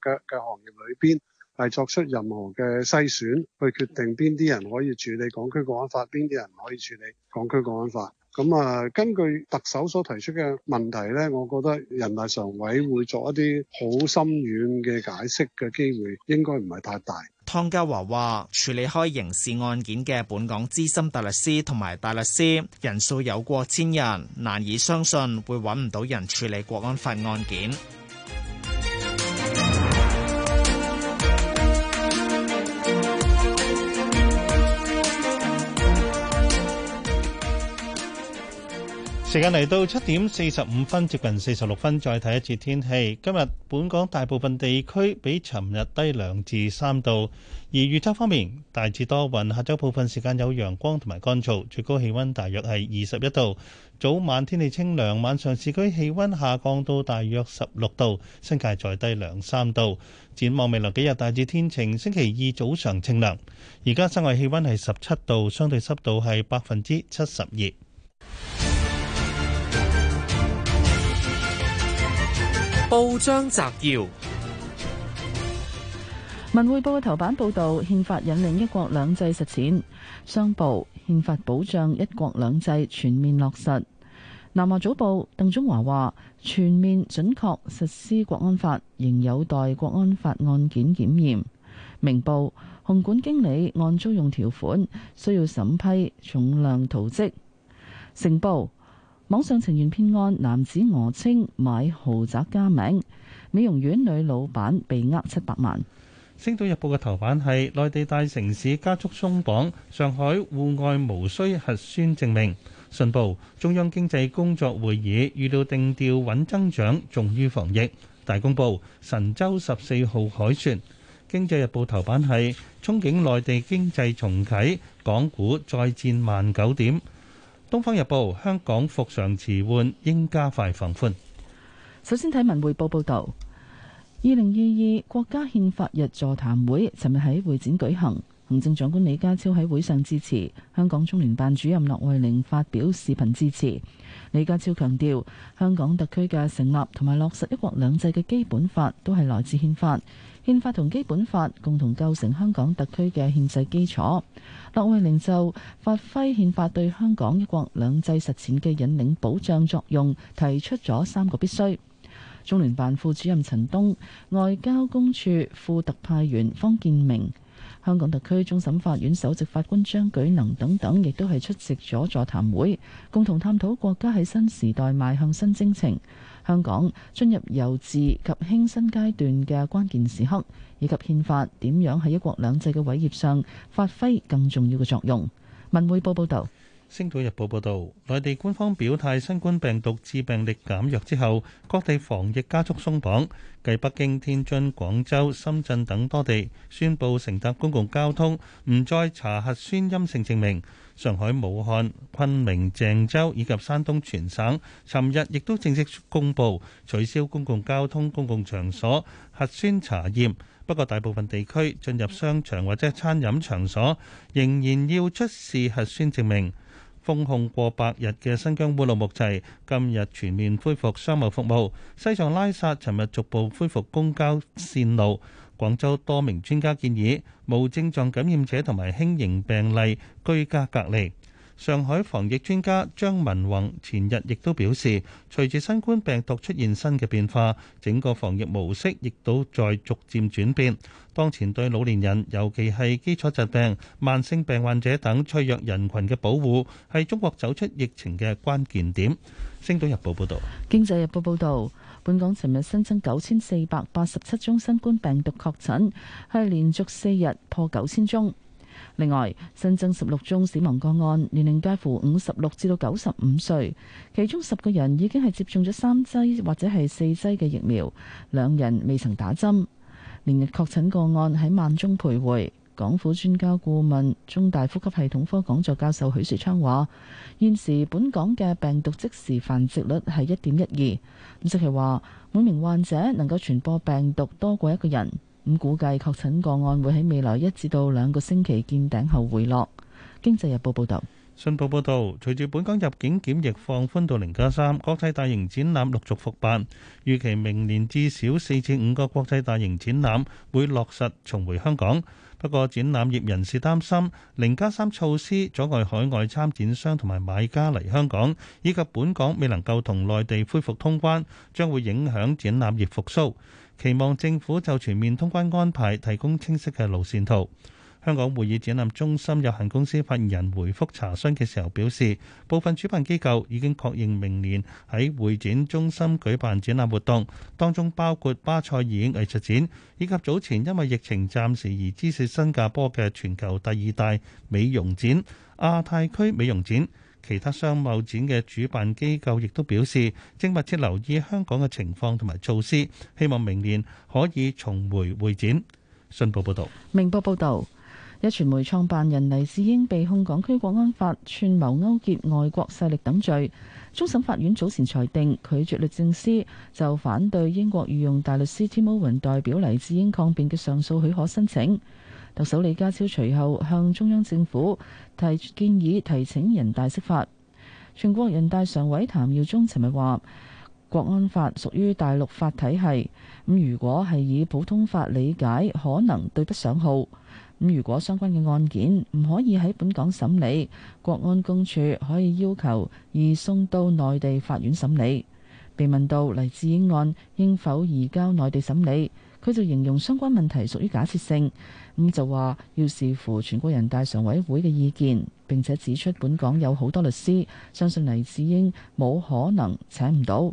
嘅嘅行業裏邊。係作出任何嘅篩選，去決定邊啲人可以處理港區國安法，邊啲人可以處理港區國安法。咁啊，根據特首所提出嘅問題咧，我覺得人大常委會作一啲好深遠嘅解釋嘅機會應該唔係太大。湯家驊話處理開刑事案件嘅本港資深大律師同埋大律師人數有過千人，難以相信會揾唔到人處理國安法案件。時間嚟到七點四十五分，接近四十六分，再睇一次天氣。今日本港大部分地區比尋日低兩至三度，而預測方面大致多雲，下晝部分時間有陽光同埋乾燥，最高氣溫大約係二十一度。早晚天氣清涼，晚上市區氣溫下降到大約十六度，新界再低兩三度。展望未來幾日大致天晴，星期二早上清涼。而家室外氣溫係十七度，相對濕度係百分之七十二。報章摘要：文匯報嘅頭版報道，憲法引領一國兩制實踐；商報，憲法保障一國兩制全面落實。南華早報，鄧中華話，全面準確實施國安法，仍有待國安法案件檢驗。明報，紅館經理按租用條款需要審批，重量道具。成報。.網上情緣騙案，男子訛稱買豪宅加名，美容院女老闆被呃七百萬。星島日報嘅頭版係內地大城市加速鬆綁，上海戶外無需核酸證明。信報，中央經濟工作會議預料定調穩增長重於防疫。大公報，神舟十四號海船。經濟日報頭版係憧憬內地經濟重啟，港股再戰萬九點。《東方日報》：香港復常遲緩，應加快放寬。首先睇文匯報報道，二零二二國家憲法日座談會，尋日喺會展舉行。行政長官李家超喺會上致辭，香港中聯辦主任駱惠寧發表視頻致辭。李家超強調，香港特區嘅成立同埋落實一國兩制嘅基本法，都係來自憲法。憲法同基本法共同構成香港特區嘅憲制基礎。駱惠寧就發揮憲法對香港一國兩制實踐嘅引領保障作用，提出咗三個必須。中聯辦副主任陳東、外交公署副特派員方建明、香港特區終審法院首席法官張舉能等等，亦都係出席咗座談會，共同探討國家喺新時代邁向新征程。香港進入由治及興新階段嘅關鍵時刻，以及憲法點樣喺一國兩制嘅偉業上發揮更重要嘅作用。文匯報報道：《星島日報》報道，內地官方表態新冠病毒致病力減弱之後，各地防疫加速鬆綁，繼北京、天津、廣州、深圳等多地宣布乘搭公共交通唔再查核酸陰性證明。上海、武漢、昆明、鄭州以及山東全省，尋日亦都正式公布取消公共交通、公共場所核酸查驗。不過，大部分地區進入商場或者餐飲場所，仍然要出示核酸證明。封控過百日嘅新疆烏魯木齊，今日全面恢復商務服務，西藏拉薩尋日逐步恢復公交線路。廣州多名專家建議無症狀感染者同埋輕型病例居家隔離，上海防疫專家張文宏前日亦都表示，隨住新冠病毒出現新嘅變化，整個防疫模式亦都在逐漸轉變，當前對老年人，尤其係基礎疾病、慢性病患者等脆弱人群嘅保護，係中國走出疫情嘅關鍵點，星島日報報道，經濟日報報道。本港尋日新增九千四百八十七宗新冠病毒確診，係連續四日破九千宗。另外，新增十六宗死亡個案，年齡介乎五十六至到九十五歲，其中十個人已經係接種咗三劑或者係四劑嘅疫苗，兩人未曾打針。連日確診個案喺萬宗徘徊。港府專家顧問、中大呼吸系統科講座教，教授許樹昌話：現時本港嘅病毒即時繁殖率係一點一二。咁即係話每名患者能夠傳播病毒多過一個人。咁估計確診個案會喺未來一至到兩個星期見頂後回落。經濟日報報道，信報報道，隨住本港入境檢疫放寬到零加三，國際大型展覽陸續復辦，預期明年至少四至五個國際大型展覽會落實重回香港。不過，展覽業人士擔心零加三措施阻礙海外參展商同埋買家嚟香港，以及本港未能夠同內地恢復通關，將會影響展覽業復甦。期望政府就全面通關安排提供清晰嘅路線圖。香港會議展覽中心有限公司發言人回覆查詢嘅時候表示，部分主辦機構已經確認明年喺會展中心舉辦展覽活動，當中包括巴塞爾藝術展，以及早前因為疫情暫時移師至新加坡嘅全球第二大美容展、亞太區美容展，其他商貿展嘅主辦機構亦都表示正密切留意香港嘅情況同埋措施，希望明年可以重回會展。信報報道，明報報道。一傳媒創辦人黎智英被控港區國安法串謀勾結外國勢力等罪，終審法院早前裁定拒絕律政司就反對英國御用大律師 Tim Owen 代表黎智英抗辯嘅上訴許可申請。特首李家超隨後向中央政府提建議提請人大釋法。全國人大常委譚耀宗尋日話，國安法屬於大陸法體系。咁如果係以普通法理解，可能對不上號。咁如果相關嘅案件唔可以喺本港審理，國安公署可以要求移送到內地法院審理。被問到黎智英案應否移交內地審理，佢就形容相關問題屬於假設性，咁就話要視乎全國人大常委會嘅意見，並且指出本港有好多律師，相信黎智英冇可能請唔到。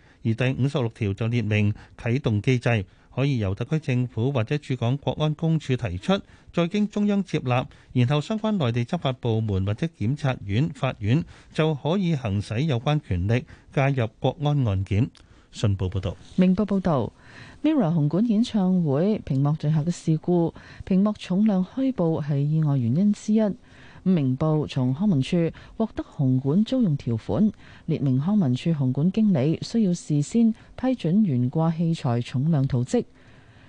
而第五十六條就列明啟動機制，可以由特區政府或者駐港國安公署提出，再經中央接納，然後相關內地執法部門或者檢察院、法院就可以行使有關權力介入國安案件。信報報道，明報報道 Mirror 紅館演唱會屏幕墜下嘅事故，屏幕重量虛報係意外原因之一。明報從康文署獲得紅館租用條款，列明康文署紅館經理需要事先批准懸掛器材重量圖則。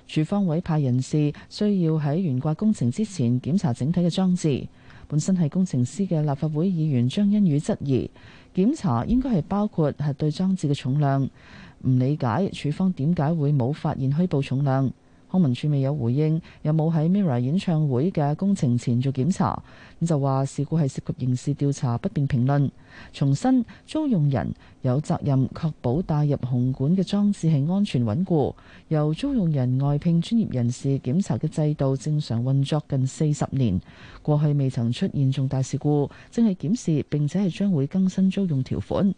署方委派人士需要喺懸掛工程之前檢查整體嘅裝置。本身係工程師嘅立法會議員張欣宇質疑，檢查應該係包括核對裝置嘅重量，唔理解署方點解會冇發現虛報重量。康文署未有回應，有冇喺 Mirror 演唱會嘅工程前做檢查？咁就話事故係涉及刑事調查，不便評論。重申，租用人有責任確保帶入紅館嘅裝置係安全穩固，由租用人外聘專業人士檢查嘅制度正常運作近四十年，過去未曾出現重大事故，正係檢視並且係將會更新租用條款。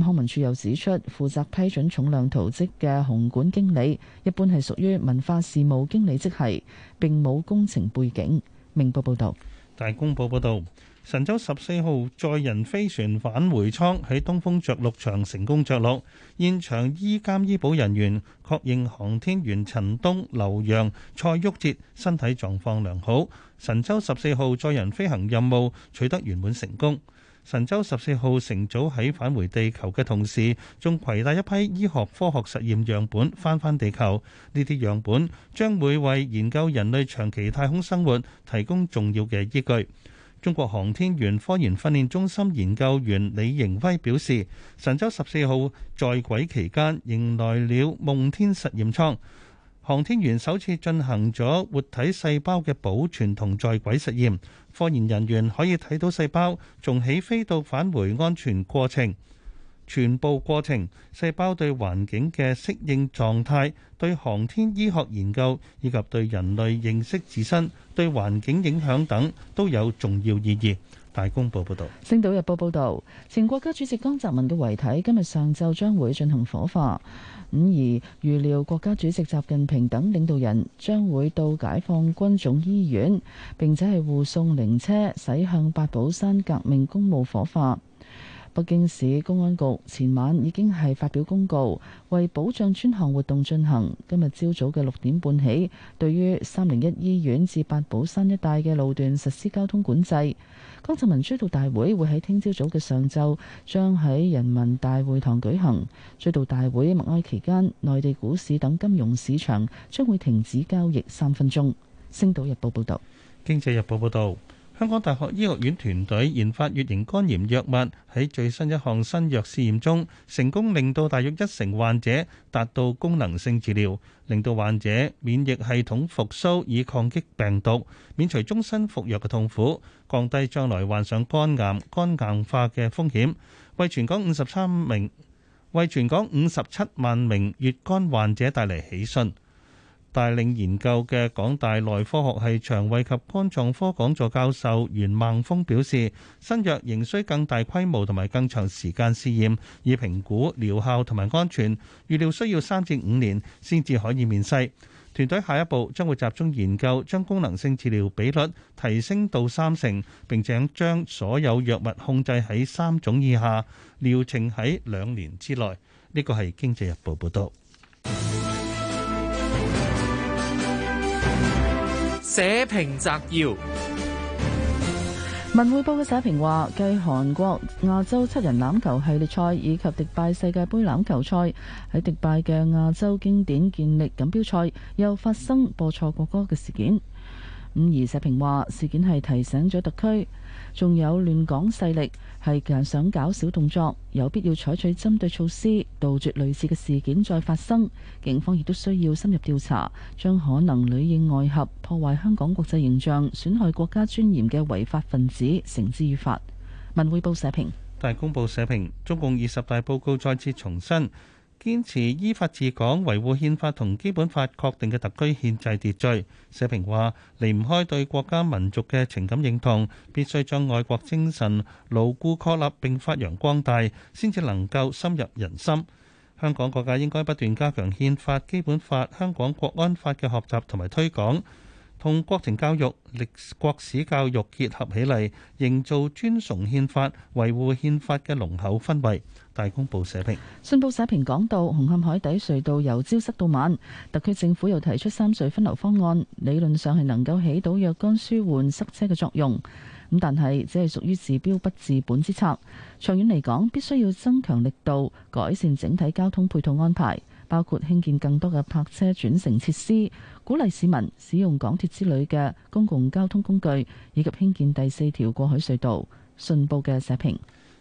康文署又指出，負責批准重量圖則嘅紅館經理，一般係屬於文化事務經理職系，並冇工程背景。明報報導，大公報報導，神舟十四號載人飛船返回艙喺東風着陸場成功着陸，現場醫監醫保人員確認航天員陳冬、劉洋、蔡旭哲身體狀況良好，神舟十四號載人飛行任務取得圓滿成功。神舟十四號成早喺返回地球嘅同時，仲攜帶一批醫學科學實驗樣本翻返地球。呢啲樣本將會為研究人類長期太空生活提供重要嘅依據。中國航天員科研訓練中心研究員李迎威表示，神舟十四號在軌期間迎來了夢天實驗艙。航天員首次進行咗活體細胞嘅保存同在軌實驗，科研人員可以睇到細胞仲起飛到返回安全過程，全部過程細胞對環境嘅適應狀態對航天醫學研究以及對人類認識自身、對環境影響等都有重要意義。大公報報道，《星島日報》報道，前國家主席江澤民嘅遺體今日上晝將會進行火化，五而預料國家主席習近平等領導人將會到解放軍總醫院，並且係護送靈車駛向八寶山革命公墓火化。北京市公安局前晚已經係發表公告，為保障專項活動進行，今日朝早嘅六點半起，對於三零一醫院至八寶山一帶嘅路段實施交通管制。江澤民追悼大會會喺聽朝早嘅上晝將喺人民大會堂舉行。追悼大會默哀期間，內地股市等金融市場將會停止交易三分鐘。星島日報報道，經濟日報報道。香港大學醫學院團隊研發乙型肝炎藥物喺最新一項新藥試驗中，成功令到大約一成患者達到功能性治療，令到患者免疫系統復甦以抗擊病毒，免除終身服藥嘅痛苦，降低將來患上肝癌肝硬化嘅風險，為全港五十三名為全港五十七萬名乙肝患者帶嚟喜訊。帶領研究嘅港大內科學系腸胃及肝臟科講座教授袁孟峰表示，新藥仍需更大規模同埋更長時間試驗，以評估療效同埋安全。預料需要三至五年先至可以面世。團隊下一步將會集中研究，將功能性治療比率提升到三成，並且將所有藥物控制喺三種以下，療程喺兩年之內。呢個係《經濟日報》報道。社評摘要：文匯報嘅社評話，繼韓國亞洲七人籃球系列賽以及迪拜世界杯籃球賽喺迪拜嘅亞洲經典健力錦標賽又發生播錯國歌嘅事件。咁而社評話，事件係提醒咗特區。仲有亂港勢力係想搞小動作，有必要採取針對措施，杜絕類似嘅事件再發生。警方亦都需要深入調查，將可能裏應外合、破壞香港國際形象、損害國家尊嚴嘅違法分子，繩之於法。文匯報社評。大公報社評，中共二十大報告再次重申。堅持依法治港，維護憲法同基本法確定嘅特區憲制秩序。社評話：離唔開對國家民族嘅情感認同，必須將愛國精神牢固確立並發揚光大，先至能夠深入人心。香港各界應該不斷加強憲法、基本法、香港國安法嘅學習同埋推廣。同國情教育、歷國史教育結合起嚟，營造尊崇憲法、維護憲法嘅濃厚氛圍。大公報社評。信報社評講到，紅磡海底隧道由朝塞到晚，特區政府又提出三水分流方案，理論上係能夠起到若干舒緩塞車嘅作用。咁但係只係屬於治標不治本之策，長遠嚟講必須要增強力度，改善整體交通配套安排。包括興建更多嘅泊車轉乘設施，鼓勵市民使用港鐵之類嘅公共交通工具，以及興建第四條過海隧道。信報嘅社評，《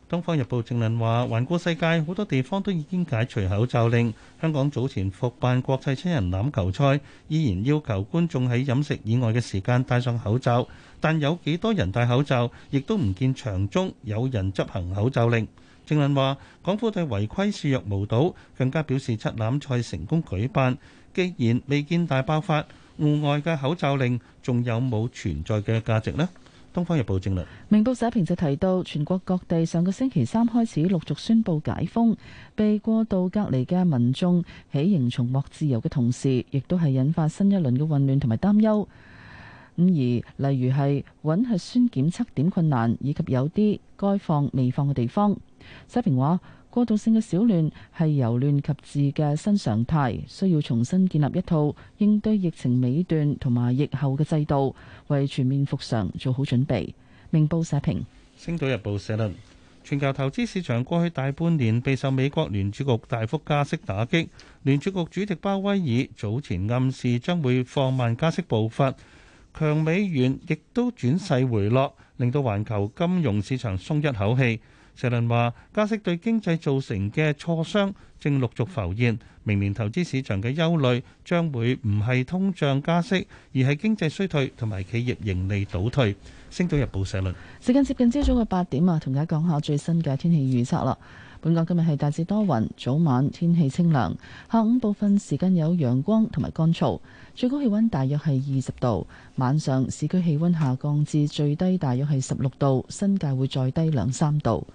東方日報》正論話，環顧世界，好多地方都已經解除口罩令。香港早前復辦國際七人欖球賽，依然要求觀眾喺飲食以外嘅時間戴上口罩，但有幾多人戴口罩，亦都唔見場中有人執行口罩令。正論話，港府對違規視若無睹，更加表示七欖賽成功舉辦，既然未見大爆發，戶外嘅口罩令仲有冇存在嘅價值呢？東方日報正論。明報社評就提到，全國各地上個星期三開始陸續宣布解封，被過度隔離嘅民眾喜迎重獲自由嘅同時，亦都係引發新一輪嘅混亂同埋擔憂。而，例如係揾核酸檢測點困難，以及有啲該放未放嘅地方。社評話：過渡性嘅小亂係由亂及治嘅新常態，需要重新建立一套應對疫情尾段同埋疫後嘅制度，為全面復常做好準備。明報社評，《星島日報》社論：全球投資市場過去大半年備受美國聯儲局大幅加息打擊，聯儲局主席鮑威爾早前暗示將會放慢加息步伐。強美元亦都轉勢回落，令到環球金融市場鬆一口氣。社論話：加息對經濟造成嘅挫傷正陸續浮現，明年投資市場嘅憂慮將會唔係通脹加息，而係經濟衰退同埋企業盈利倒退。星島日報社論，時間接近朝早嘅八點啊，同大家講下最新嘅天氣預測啦。本港今日係大致多雲，早晚天氣清涼，下午部分時間有陽光同埋乾燥，最高氣溫大約係二十度，晚上市區氣溫下降至最低大約係十六度，新界會再低兩三度。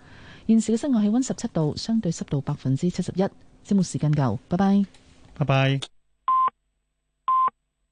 現時嘅室外氣溫十七度，相對濕度百分之七十一。節目時間夠，拜拜。拜拜。